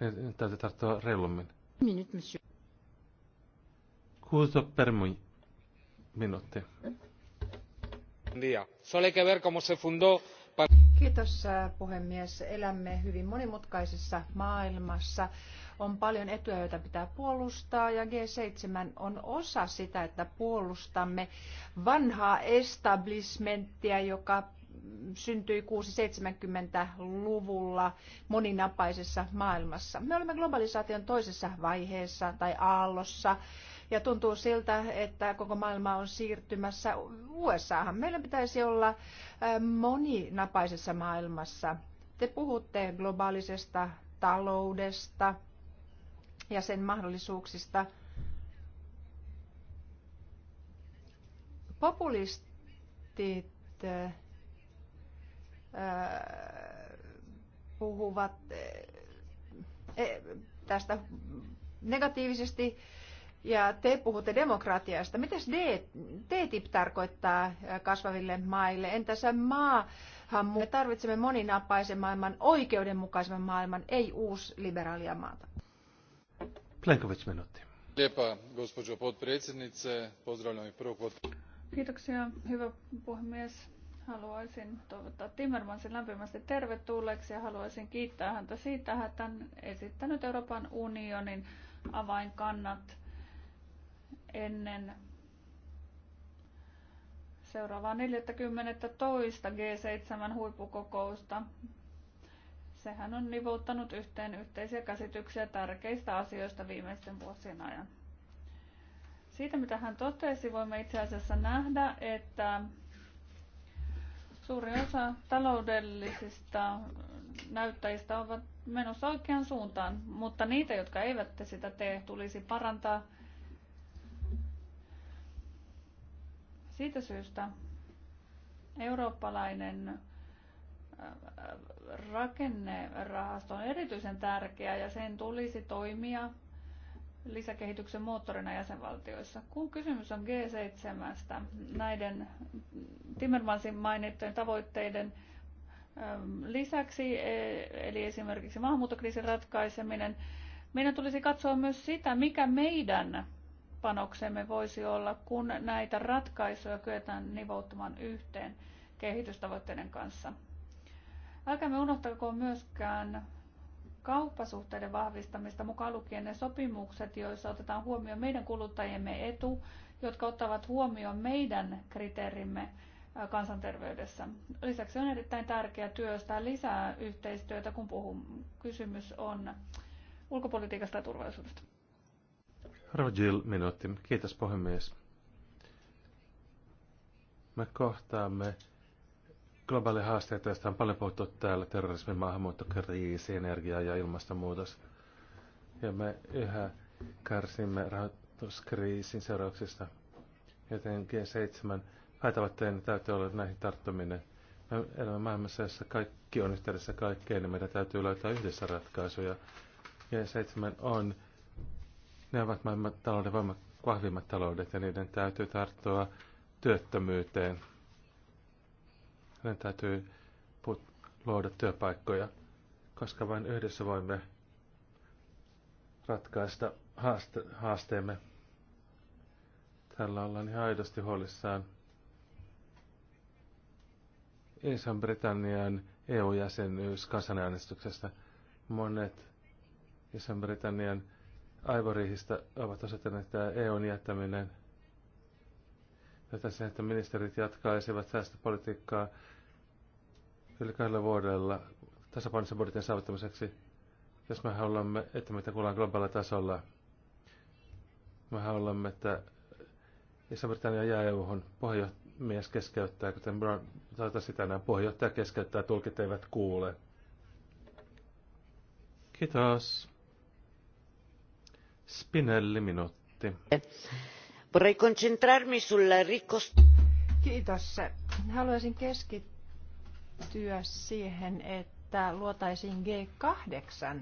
niin, niin täytyy tarttua reilummin. Minut, monsieur. Kuuso per mui. Minuutti. Solo hay que ver se fundó Kiitos äh, puhemies. Elämme hyvin monimutkaisessa maailmassa. On paljon etuja, joita pitää puolustaa ja G7 on osa sitä, että puolustamme vanhaa establishmenttia, joka syntyi 670-luvulla moninapaisessa maailmassa. Me olemme globalisaation toisessa vaiheessa tai aallossa ja tuntuu siltä, että koko maailma on siirtymässä USAhan. Meillä pitäisi olla moninapaisessa maailmassa. Te puhutte globaalisesta taloudesta ja sen mahdollisuuksista. Populistit puhuvat e, e, tästä negatiivisesti ja te puhutte demokratiasta. Mitäs TTIP tarkoittaa kasvaville maille? Entäs maa? Me tarvitsemme moninapaisen maailman, oikeudenmukaisen maailman, ei liberaalia maata. Plenkovic minuutti. Lepa, gospođo potpredsjednice. Pozdravljam i prvog Kiitoksia, hyvä puhemies haluaisin toivottaa Timmermansin lämpimästi tervetulleeksi ja haluaisin kiittää häntä siitä, että hän esittänyt Euroopan unionin avainkannat ennen seuraavaa 40 toista G7-huippukokousta. Sehän on nivouttanut yhteen yhteisiä käsityksiä tärkeistä asioista viimeisten vuosien ajan. Siitä, mitä hän totesi, voimme itse asiassa nähdä, että Suuri osa taloudellisista näyttäjistä ovat menossa oikeaan suuntaan, mutta niitä, jotka eivät te sitä tee, tulisi parantaa siitä syystä eurooppalainen äh, rakennerahasto on erityisen tärkeä ja sen tulisi toimia lisäkehityksen moottorina jäsenvaltioissa. Kun kysymys on G7, näiden Timmermansin mainittujen tavoitteiden ähm, lisäksi, e, eli esimerkiksi maahanmuuttokriisin ratkaiseminen, meidän tulisi katsoa myös sitä, mikä meidän panoksemme voisi olla, kun näitä ratkaisuja kyetään nivouttamaan yhteen kehitystavoitteiden kanssa. Älkäämme unohtako myöskään kauppasuhteiden vahvistamista mukaan lukien ne sopimukset, joissa otetaan huomioon meidän kuluttajiemme etu, jotka ottavat huomioon meidän kriteerimme kansanterveydessä. Lisäksi on erittäin tärkeää työstää lisää yhteistyötä, kun puhun, kysymys on ulkopolitiikasta ja turvallisuudesta. Rajil minuutti. Kiitos puhemies. Me kohtaamme globaali haasteita, joista on paljon puhuttu täällä, terrorismi, maahanmuuttokriisi, energia ja ilmastonmuutos. Ja me yhä kärsimme rahoituskriisin seurauksista, Jotenkin seitsemän 7 täytyy olla näihin tarttuminen. Me elämme maailmassa, jossa kaikki on yhteydessä kaikkeen, niin meidän täytyy löytää yhdessä ratkaisuja. Ja seitsemän on, ne ovat maailman talouden vahvimmat taloudet ja niiden täytyy tarttua työttömyyteen – meidän täytyy put- luoda työpaikkoja, koska vain yhdessä voimme ratkaista haaste- haasteemme. Tällä ollaan ihan aidosti huolissaan Ison-Britannian EU-jäsenyys kansanäänestyksestä. Monet Ison-Britannian aivoriihistä ovat osoittaneet, tämä EUn jättäminen Tätä se, että ministerit jatkaisivat säästöpolitiikkaa yli kahdella vuodella tasapainoisen budjetin saavuttamiseksi, jos me haluamme, että meitä kuullaan globaalilla tasolla, me haluamme, että Iso-Britannia jää EU-hun puheenjohtajamies keskeyttää, kuten Brown totesi tänään, pohjoittaja keskeyttää, tulkit eivät kuule. Kiitos. Spinelli minuutti. Vorrei concentrarmi sulla ricostruzione. Kiitos. Haluaisin keskittyä liittyä siihen, että luotaisiin G8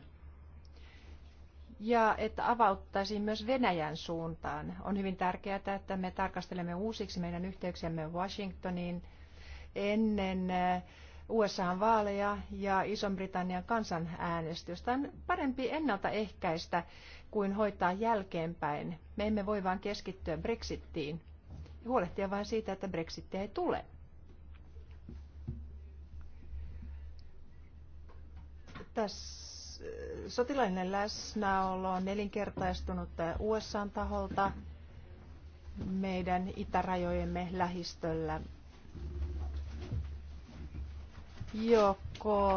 ja että avauttaisiin myös Venäjän suuntaan. On hyvin tärkeää, että me tarkastelemme uusiksi meidän yhteyksiämme Washingtoniin ennen eh, USA-vaaleja ja iso britannian kansanäänestystä on parempi ennaltaehkäistä kuin hoitaa jälkeenpäin. Me emme voi vain keskittyä Brexittiin ja huolehtia vain siitä, että Brexittiä ei tule. Tässä äh, sotilainen läsnäolo on nelinkertaistunut USAn taholta meidän itärajojemme lähistöllä. Joko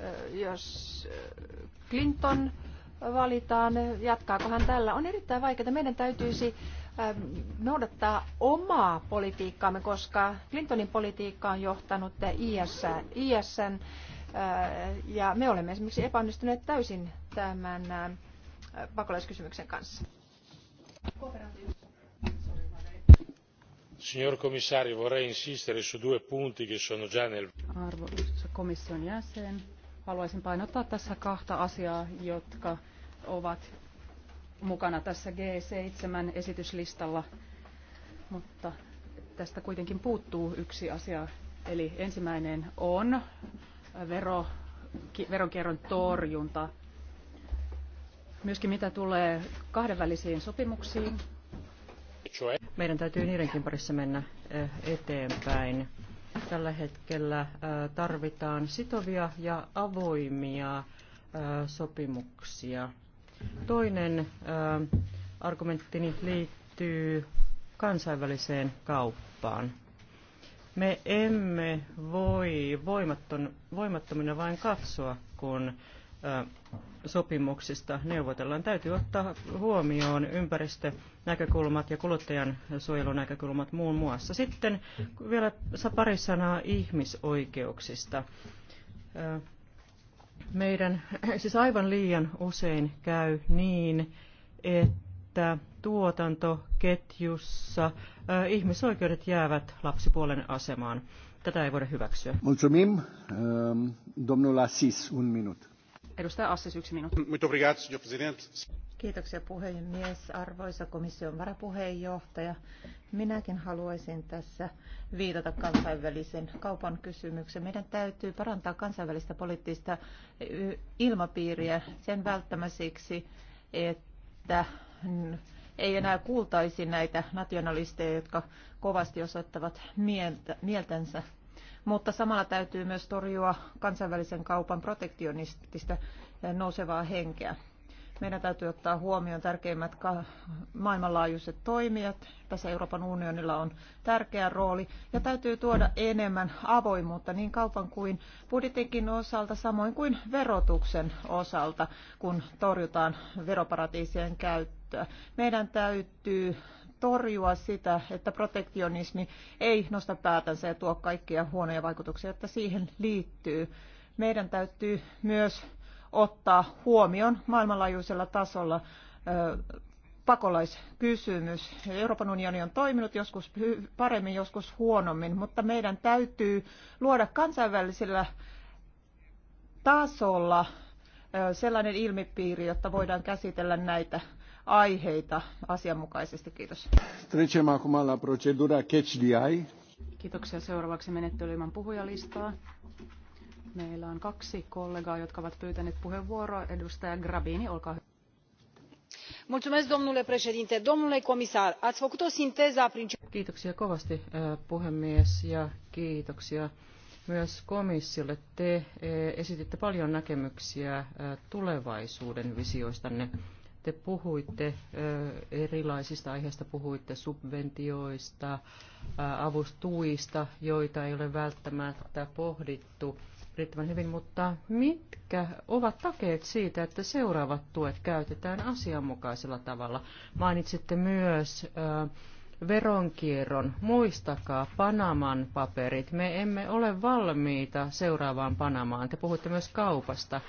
äh, jos äh, Clinton valitaan, jatkaako hän tällä? On erittäin vaikeaa. Meidän täytyisi Ähm, noudattaa omaa politiikkaamme, koska Clintonin politiikka on johtanut ISN, ISN äh, ja me olemme esimerkiksi epäonnistuneet täysin tämän ähm, pakolaiskysymyksen kanssa. Signor commissario, vorrei insistere su due punti che sono già nel... Arvoisa komission jäsen, haluaisin painottaa tässä kahta asiaa, jotka ovat mukana tässä G7-esityslistalla, mutta tästä kuitenkin puuttuu yksi asia. Eli ensimmäinen on vero, veronkierron torjunta. Myöskin mitä tulee kahdenvälisiin sopimuksiin. Meidän täytyy niidenkin parissa mennä eh, eteenpäin. Tällä hetkellä eh, tarvitaan sitovia ja avoimia eh, sopimuksia Toinen äh, argumenttini liittyy kansainväliseen kauppaan. Me emme voi voimatton, voimattomina vain katsoa, kun äh, sopimuksista neuvotellaan. Täytyy ottaa huomioon ympäristönäkökulmat ja kuluttajan suojelunäkökulmat muun muassa. Sitten vielä pari sanaa ihmisoikeuksista. Äh, meidän *clears throat* siis aivan liian usein käy niin, että tuotantoketjussa äh, ihmisoikeudet jäävät lapsipuolen asemaan. Tätä ei voida hyväksyä. Mulțumim. Ähm, domnul Assis, un minut. Edustaja Assis, yksi minuutti. Kiitoksia puhemies, arvoisa komission varapuheenjohtaja. Minäkin haluaisin tässä viitata kansainvälisen kaupan kysymykseen. Meidän täytyy parantaa kansainvälistä poliittista ilmapiiriä sen välttämäiseksi, että ei enää kuultaisi näitä nationalisteja, jotka kovasti osoittavat mieltä, mieltänsä mutta samalla täytyy myös torjua kansainvälisen kaupan protektionistista nousevaa henkeä. Meidän täytyy ottaa huomioon tärkeimmät maailmanlaajuiset toimijat. Tässä Euroopan unionilla on tärkeä rooli ja täytyy tuoda enemmän avoimuutta niin kaupan kuin budjetinkin osalta, samoin kuin verotuksen osalta, kun torjutaan veroparatiisien käyttöä. Meidän täytyy torjua sitä, että protektionismi ei nosta päätänsä ja tuo kaikkia huonoja vaikutuksia, että siihen liittyy. Meidän täytyy myös ottaa huomioon maailmanlaajuisella tasolla pakolaiskysymys. Euroopan unioni on toiminut joskus paremmin, joskus huonommin, mutta meidän täytyy luoda kansainvälisellä tasolla sellainen ilmipiiri, jotta voidaan käsitellä näitä aiheita asianmukaisesti. Kiitos. catch the eye. Kiitoksia. Seuraavaksi menettely ilman puhujalistaa. Meillä on kaksi kollegaa, jotka ovat pyytäneet puheenvuoroa. Edustaja Grabini, olkaa hyvä. Mulțumesc, domnule președinte. Domnule comisar, ați făcut o sinteză a Kiitoksia kovasti, puhemies, ja kiitoksia myös komissiolle. Te esititte paljon näkemyksiä tulevaisuuden visioistanne. Te puhuitte erilaisista aiheista, puhuitte subventioista, avustuista, joita ei ole välttämättä pohdittu riittävän hyvin, mutta mitkä ovat takeet siitä, että seuraavat tuet käytetään asianmukaisella tavalla? Mainitsitte myös veronkierron. Muistakaa Panaman paperit. Me emme ole valmiita seuraavaan Panamaan. Te puhutte myös kaupasta.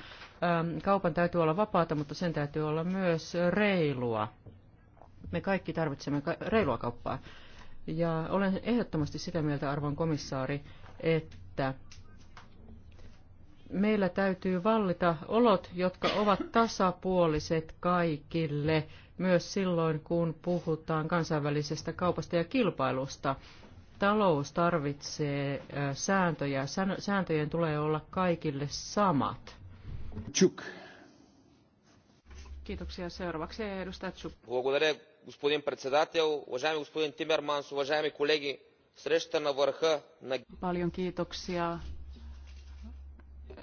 Kaupan täytyy olla vapaata, mutta sen täytyy olla myös reilua. Me kaikki tarvitsemme reilua kauppaa. Ja olen ehdottomasti sitä mieltä, arvon komissaari, että meillä täytyy vallita olot, jotka ovat tasapuoliset kaikille, myös silloin kun puhutaan kansainvälisestä kaupasta ja kilpailusta. Talous tarvitsee sääntöjä. Sääntöjen tulee olla kaikille samat. Chuk. Kiitoksia. Seuraavaksi edustaja Chuk. Благодаря, господин председател, уважаеми господин Тимерманс, уважаеми колеги. Среща на върха на... Paljon kiitoksia,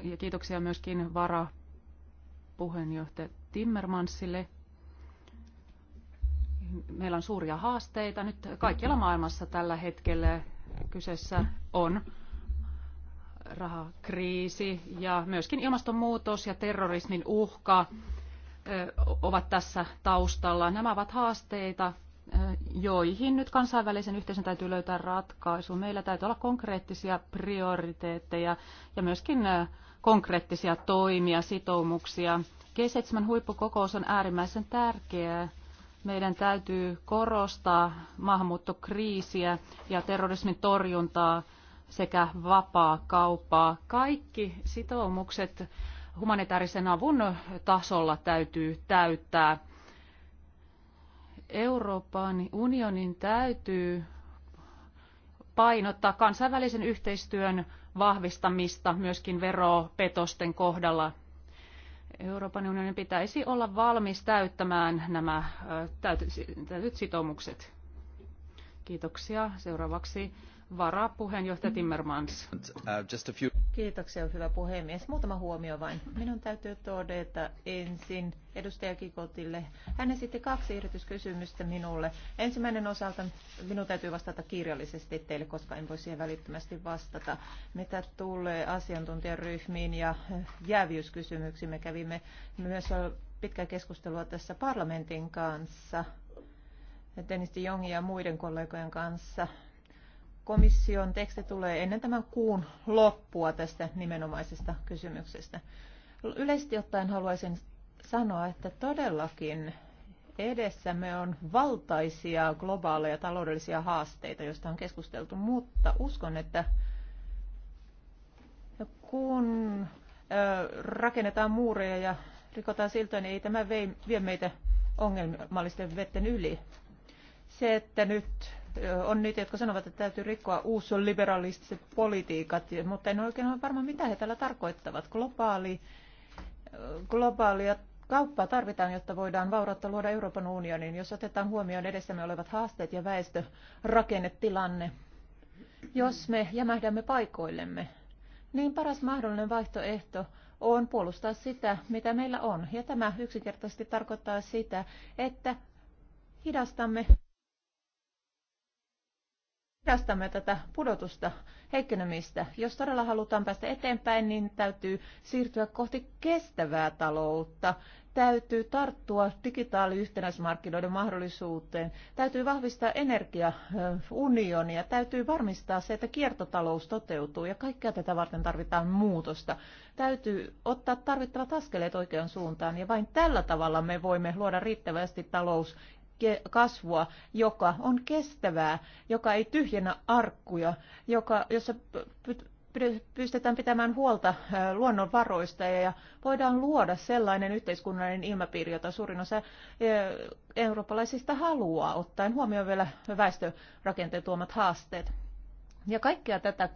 ja kiitoksia myöskin varapuheenjohtaja Timmermansille. Meillä on suuria haasteita nyt kaikkialla maailmassa tällä hetkellä. Kyseessä on rahakriisi ja myöskin ilmastonmuutos ja terrorismin uhka ovat tässä taustalla. Nämä ovat haasteita, joihin nyt kansainvälisen yhteisön täytyy löytää ratkaisu. Meillä täytyy olla konkreettisia prioriteetteja ja myöskin konkreettisia toimia, sitoumuksia. G7 huippukokous on äärimmäisen tärkeää. Meidän täytyy korostaa maahanmuuttokriisiä ja terrorismin torjuntaa sekä vapaa kauppaa. Kaikki sitoumukset humanitaarisen avun tasolla täytyy täyttää. Euroopan unionin täytyy painottaa kansainvälisen yhteistyön vahvistamista myöskin veropetosten kohdalla. Euroopan unionin pitäisi olla valmis täyttämään nämä täytyt sitoumukset. Kiitoksia. Seuraavaksi varapuheenjohtaja Timmermans. Uh, Kiitoksia, hyvä puhemies. Muutama huomio vain. Minun täytyy todeta ensin edustaja Kikotille. Hän esitti kaksi erityiskysymystä minulle. Ensimmäinen osalta minun täytyy vastata kirjallisesti teille, koska en voi siihen välittömästi vastata. Mitä tulee asiantuntijaryhmiin ja jäävyyskysymyksiin, me kävimme myös pitkää keskustelua tässä parlamentin kanssa Dennis Jongin ja muiden kollegojen kanssa komission teksti tulee ennen tämän kuun loppua tästä nimenomaisesta kysymyksestä. Yleisesti ottaen haluaisin sanoa, että todellakin edessämme on valtaisia globaaleja taloudellisia haasteita, joista on keskusteltu, mutta uskon, että kun rakennetaan muureja ja rikotaan siltoja, niin ei tämä vie meitä ongelmallisten vetten yli. Se, että nyt on niitä, jotka sanovat, että täytyy rikkoa uusliberalistiset politiikat, mutta en oikein ole varma, mitä he tällä tarkoittavat. Globaali, globaalia kauppaa tarvitaan, jotta voidaan vaurautta luoda Euroopan unioniin, jos otetaan huomioon edessämme olevat haasteet ja väestörakennetilanne. Jos me jämähdämme paikoillemme, niin paras mahdollinen vaihtoehto on puolustaa sitä, mitä meillä on. Ja tämä yksinkertaisesti tarkoittaa sitä, että hidastamme hidastamme tätä pudotusta, heikkenemistä. Jos todella halutaan päästä eteenpäin, niin täytyy siirtyä kohti kestävää taloutta. Täytyy tarttua digitaaliyhtenäismarkkinoiden mahdollisuuteen. Täytyy vahvistaa energiaunionia. Täytyy varmistaa se, että kiertotalous toteutuu ja kaikkea tätä varten tarvitaan muutosta. Täytyy ottaa tarvittavat askeleet oikeaan suuntaan ja vain tällä tavalla me voimme luoda riittävästi talous- kasvua, joka on kestävää, joka ei tyhjennä arkkuja, joka, jossa pystytään pitämään huolta luonnonvaroista ja voidaan luoda sellainen yhteiskunnallinen ilmapiiri, jota suurin osa eurooppalaisista haluaa, ottaen huomioon vielä väestörakenteen tuomat haasteet. Ja kaikkea tätä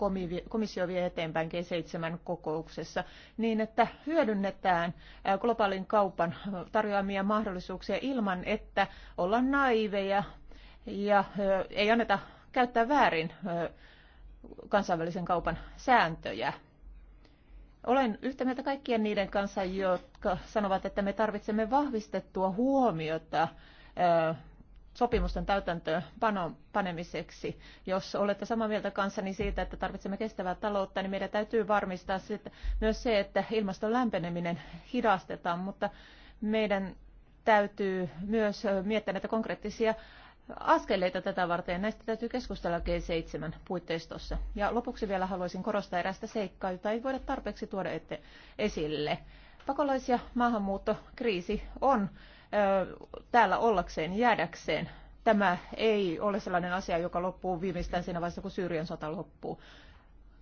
komissio vie eteenpäin G7-kokouksessa niin, että hyödynnetään globaalin kaupan tarjoamia mahdollisuuksia ilman, että ollaan naiveja ja ei anneta käyttää väärin kansainvälisen kaupan sääntöjä. Olen yhtä mieltä kaikkien niiden kanssa, jotka sanovat, että me tarvitsemme vahvistettua huomiota sopimusten täytäntöönpanemiseksi, panemiseksi. Jos olette samaa mieltä kanssani siitä, että tarvitsemme kestävää taloutta, niin meidän täytyy varmistaa myös se, että ilmaston lämpeneminen hidastetaan, mutta meidän täytyy myös miettiä näitä konkreettisia askeleita tätä varten. Näistä täytyy keskustella G7 puitteistossa. Ja lopuksi vielä haluaisin korostaa erästä seikkaa, jota ei voida tarpeeksi tuoda ette esille. Pakolais- ja maahanmuuttokriisi on täällä ollakseen, jäädäkseen. Tämä ei ole sellainen asia, joka loppuu viimeistään siinä vaiheessa, kun Syyrian sota loppuu.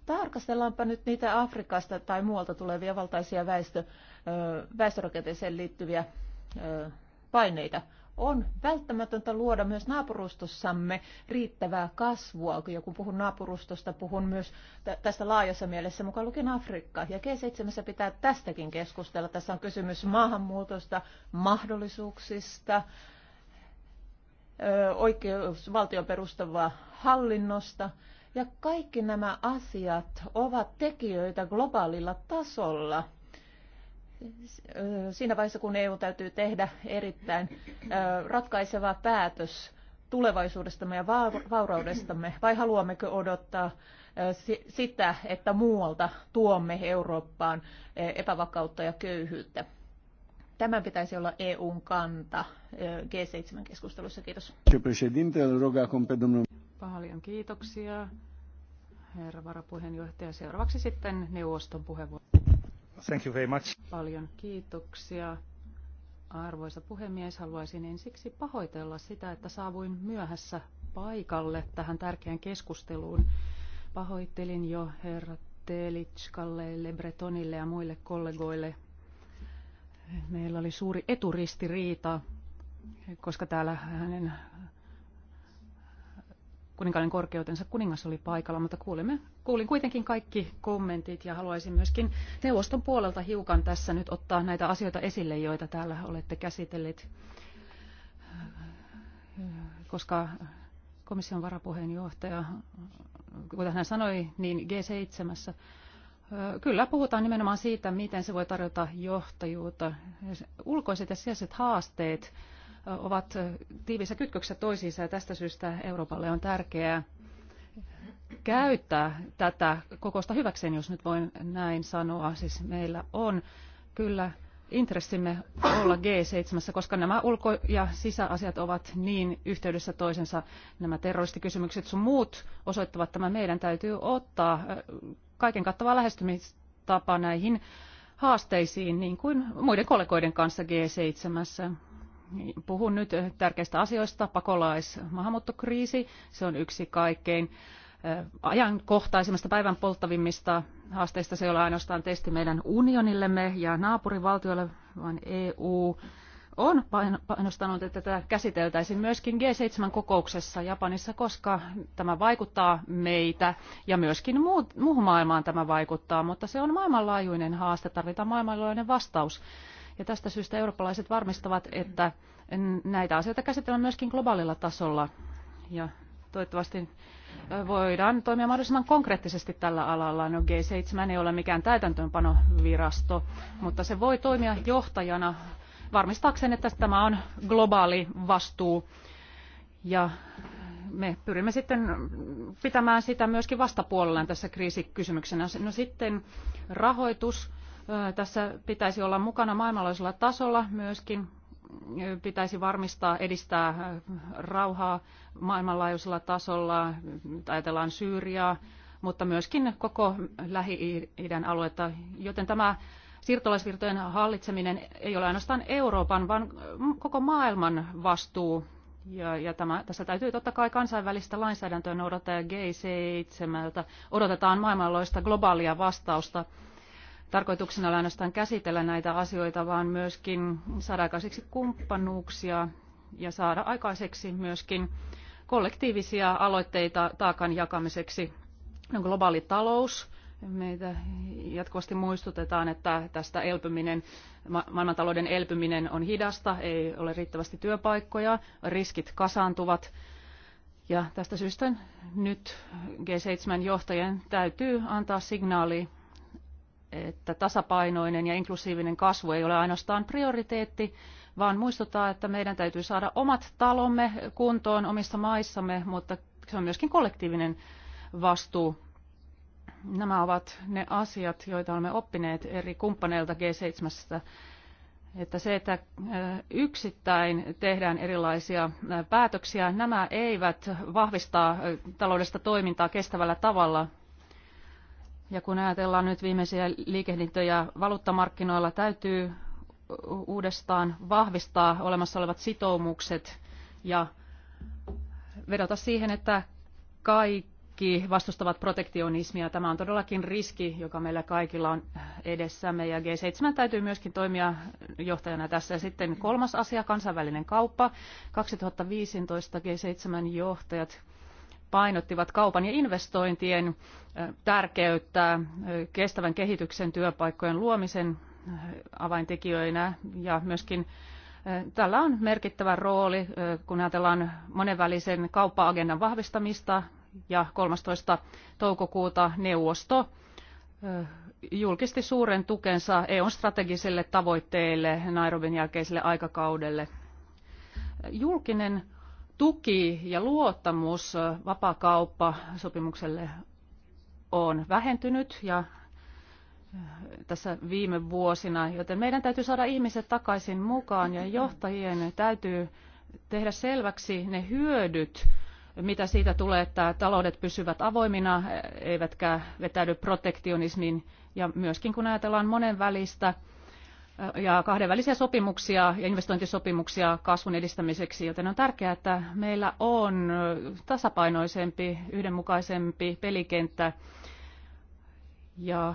Tarkastellaanpa nyt niitä Afrikasta tai muualta tulevia valtaisia väestö, väestörakenteeseen liittyviä paineita on välttämätöntä luoda myös naapurustossamme riittävää kasvua. Kun puhun naapurustosta, puhun myös tästä laajassa mielessä mukaan lukien Afrikka. Ja G7 pitää tästäkin keskustella. Tässä on kysymys maahanmuutosta, mahdollisuuksista, oikeusvaltion perustavaa hallinnosta. Ja kaikki nämä asiat ovat tekijöitä globaalilla tasolla – siinä vaiheessa, kun EU täytyy tehdä erittäin ratkaiseva päätös tulevaisuudestamme ja vauraudestamme, vai haluammeko odottaa sitä, että muualta tuomme Eurooppaan epävakautta ja köyhyyttä? Tämän pitäisi olla EUn kanta G7-keskustelussa. Kiitos. Paljon kiitoksia, herra varapuheenjohtaja. Seuraavaksi sitten neuvoston puheenvuoro. Thank you very much. Paljon kiitoksia. Arvoisa puhemies, haluaisin ensiksi pahoitella sitä, että saavuin myöhässä paikalle tähän tärkeään keskusteluun. Pahoittelin jo herra Telitskalle, Bretonille ja muille kollegoille. Meillä oli suuri eturistiriita, koska täällä hänen kuninkaallinen korkeutensa kuningas oli paikalla, mutta kuulemme kuulin kuitenkin kaikki kommentit ja haluaisin myöskin neuvoston puolelta hiukan tässä nyt ottaa näitä asioita esille, joita täällä olette käsitelleet, koska komission varapuheenjohtaja, kuten hän sanoi, niin G7 Kyllä, puhutaan nimenomaan siitä, miten se voi tarjota johtajuutta. Ulkoiset ja sisäiset haasteet ovat tiivissä kytköksessä toisiinsa ja tästä syystä Euroopalle on tärkeää käyttää tätä kokousta hyväkseen, jos nyt voin näin sanoa. Siis meillä on kyllä intressimme olla G7, koska nämä ulko- ja sisäasiat ovat niin yhteydessä toisensa. Nämä terroristikysymykset sun muut osoittavat tämä Meidän täytyy ottaa kaiken kattava lähestymistapa näihin haasteisiin, niin kuin muiden kollegoiden kanssa G7. Puhun nyt tärkeistä asioista. Pakolais- maahanmuuttokriisi, se on yksi kaikkein ajankohtaisimmasta päivän polttavimmista haasteista. Se ei ole ainoastaan testi meidän unionillemme ja naapurivaltioille, vaan EU on painostanut, että tätä käsiteltäisiin myöskin G7-kokouksessa Japanissa, koska tämä vaikuttaa meitä ja myöskin muut, muuhun maailmaan tämä vaikuttaa, mutta se on maailmanlaajuinen haaste, tarvitaan maailmanlaajuinen vastaus. Ja tästä syystä eurooppalaiset varmistavat, että näitä asioita käsitellään myöskin globaalilla tasolla. Ja toivottavasti voidaan toimia mahdollisimman konkreettisesti tällä alalla. No G7 ei ole mikään täytäntöönpanovirasto, mutta se voi toimia johtajana varmistaakseen, että tämä on globaali vastuu. Ja me pyrimme sitten pitämään sitä myöskin vastapuolellaan tässä kriisikysymyksenä. No sitten rahoitus. Tässä pitäisi olla mukana maailmanlaisella tasolla myöskin pitäisi varmistaa, edistää rauhaa maailmanlaajuisella tasolla, ajatellaan Syyriaa, mutta myöskin koko Lähi-idän aluetta, joten tämä siirtolaisvirtojen hallitseminen ei ole ainoastaan Euroopan, vaan koko maailman vastuu. Ja, ja tämä, tässä täytyy totta kai kansainvälistä lainsäädäntöä noudattaa ja G7 odotetaan maailmanloista globaalia vastausta – tarkoituksena ole ainoastaan käsitellä näitä asioita, vaan myöskin saada aikaiseksi kumppanuuksia ja saada aikaiseksi myöskin kollektiivisia aloitteita taakan jakamiseksi. globaali talous, meitä jatkuvasti muistutetaan, että tästä elpyminen, maailmantalouden elpyminen on hidasta, ei ole riittävästi työpaikkoja, riskit kasaantuvat. Ja tästä syystä nyt G7-johtajien täytyy antaa signaali että tasapainoinen ja inklusiivinen kasvu ei ole ainoastaan prioriteetti, vaan muistuttaa, että meidän täytyy saada omat talomme kuntoon omissa maissamme, mutta se on myöskin kollektiivinen vastuu. Nämä ovat ne asiat, joita olemme oppineet eri kumppaneilta G7. Että se, että äh, yksittäin tehdään erilaisia äh, päätöksiä, nämä eivät vahvistaa äh, taloudesta toimintaa kestävällä tavalla, ja kun ajatellaan nyt viimeisiä liikehdintöjä valuuttamarkkinoilla, täytyy uudestaan vahvistaa olemassa olevat sitoumukset ja vedota siihen, että kaikki vastustavat protektionismia. Tämä on todellakin riski, joka meillä kaikilla on edessämme. Ja G7 täytyy myöskin toimia johtajana tässä. Ja sitten kolmas asia, kansainvälinen kauppa. 2015 G7 johtajat painottivat kaupan ja investointien tärkeyttä kestävän kehityksen työpaikkojen luomisen avaintekijöinä ja myöskin Tällä on merkittävä rooli, kun ajatellaan monenvälisen kauppa-agendan vahvistamista ja 13. toukokuuta neuvosto julkisti suuren tukensa EUn strategisille tavoitteille Nairobin jälkeiselle aikakaudelle. Julkinen tuki ja luottamus vapakauppasopimukselle on vähentynyt ja eh, tässä viime vuosina, joten meidän täytyy saada ihmiset takaisin mukaan ja johtajien täytyy tehdä selväksi ne hyödyt, mitä siitä tulee, että taloudet pysyvät avoimina, eivätkä vetäydy protektionismiin. Ja myöskin kun ajatellaan monenvälistä välistä ja kahdenvälisiä sopimuksia ja investointisopimuksia kasvun edistämiseksi, joten on tärkeää, että meillä on tasapainoisempi, yhdenmukaisempi pelikenttä. Ja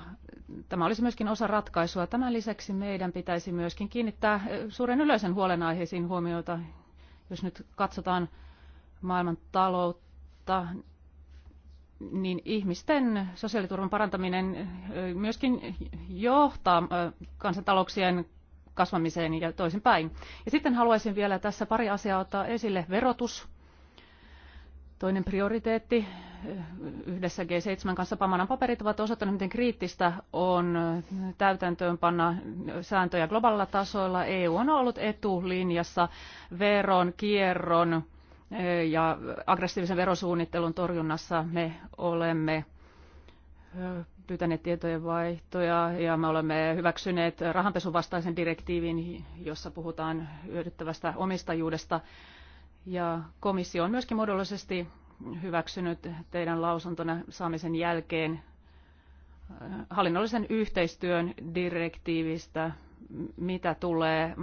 tämä olisi myöskin osa ratkaisua. Tämän lisäksi meidän pitäisi myöskin kiinnittää suuren yleisen huolenaiheisiin huomiota. Jos nyt katsotaan maailman taloutta, niin ihmisten sosiaaliturvan parantaminen myöskin johtaa kansantalouksien kasvamiseen ja toisinpäin. Ja sitten haluaisin vielä tässä pari asiaa ottaa esille. Verotus, toinen prioriteetti. Yhdessä G7 kanssa Pamanan paperit ovat osoittaneet, miten kriittistä on täytäntöönpanna sääntöjä globaalilla tasolla. EU on ollut etulinjassa veron, kierron, ja aggressiivisen verosuunnittelun torjunnassa me olemme pyytäneet tietojenvaihtoja ja me olemme hyväksyneet rahanpesuvastaisen direktiivin, jossa puhutaan hyödyttävästä omistajuudesta. Ja komissio on myöskin muodollisesti hyväksynyt teidän lausuntona saamisen jälkeen hallinnollisen yhteistyön direktiivistä, mitä tulee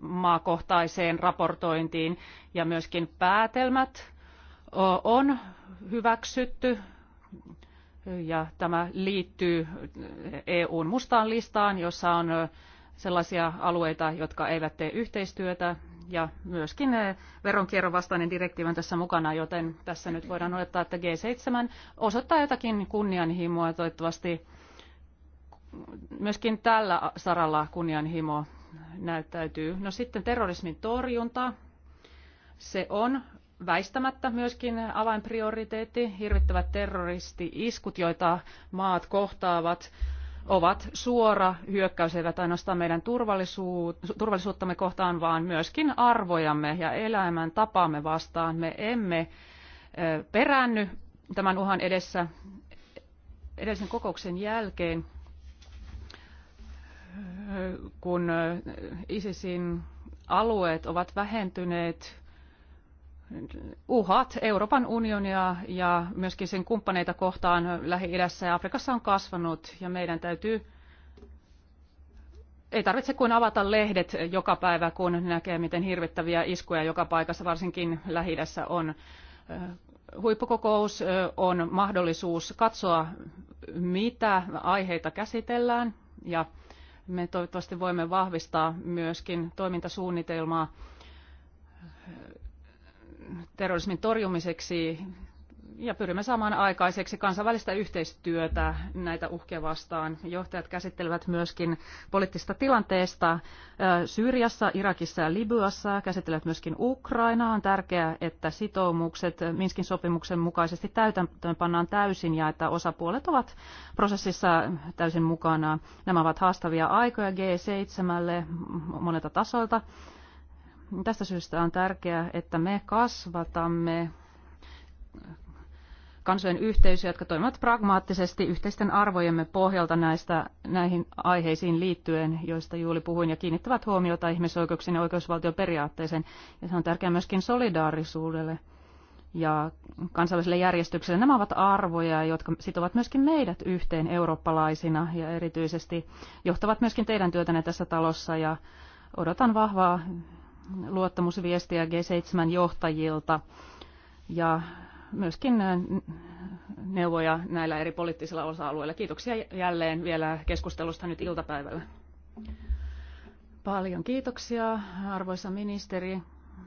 maakohtaiseen raportointiin ja myöskin päätelmät on hyväksytty ja tämä liittyy EUn mustaan listaan, jossa on sellaisia alueita, jotka eivät tee yhteistyötä ja myöskin veronkierron vastainen direktiivi on tässä mukana, joten tässä nyt voidaan olettaa, että G7 osoittaa jotakin kunnianhimoa toivottavasti myöskin tällä saralla kunnianhimo näyttäytyy. No sitten terrorismin torjunta. Se on väistämättä myöskin avainprioriteetti. Hirvittävät terroristi-iskut, joita maat kohtaavat, ovat suora hyökkäys, eivät ainoastaan meidän turvallisuuttamme kohtaan, vaan myöskin arvojamme ja elämän tapaamme vastaan. Me emme peräänny tämän uhan edessä edellisen kokouksen jälkeen kun äh, ISISin alueet ovat vähentyneet, uhat Euroopan unionia ja myöskin sen kumppaneita kohtaan Lähi-idässä ja Afrikassa on kasvanut ja meidän täytyy ei tarvitse kuin avata lehdet joka päivä, kun näkee, miten hirvittäviä iskuja joka paikassa, varsinkin lähi on. Äh, huippukokous äh, on mahdollisuus katsoa, mitä aiheita käsitellään ja me toivottavasti voimme vahvistaa myöskin toimintasuunnitelmaa terrorismin torjumiseksi ja pyrimme saamaan aikaiseksi kansainvälistä yhteistyötä näitä uhkia vastaan. Johtajat käsittelevät myöskin poliittista tilanteesta Syyriassa, Irakissa ja Libyassa, käsittelevät myöskin Ukrainaa. On tärkeää, että sitoumukset Minskin sopimuksen mukaisesti täytäntöön pannaan täysin ja että osapuolet ovat prosessissa täysin mukana. Nämä ovat haastavia aikoja G7 monelta tasolta. Tästä syystä on tärkeää, että me kasvatamme kansojen yhteisöjä, jotka toimivat pragmaattisesti yhteisten arvojemme pohjalta näistä, näihin aiheisiin liittyen, joista juuri puhuin, ja kiinnittävät huomiota ihmisoikeuksien ja periaatteeseen. Ja se on tärkeää myöskin solidaarisuudelle ja kansalliselle järjestykselle. Nämä ovat arvoja, jotka sitovat myöskin meidät yhteen eurooppalaisina ja erityisesti johtavat myöskin teidän työtänne tässä talossa ja odotan vahvaa luottamusviestiä G7 johtajilta ja myöskin äh, neuvoja näillä eri poliittisilla osa-alueilla. Kiitoksia jälleen vielä keskustelusta nyt iltapäivällä. Paljon kiitoksia, arvoisa ministeri.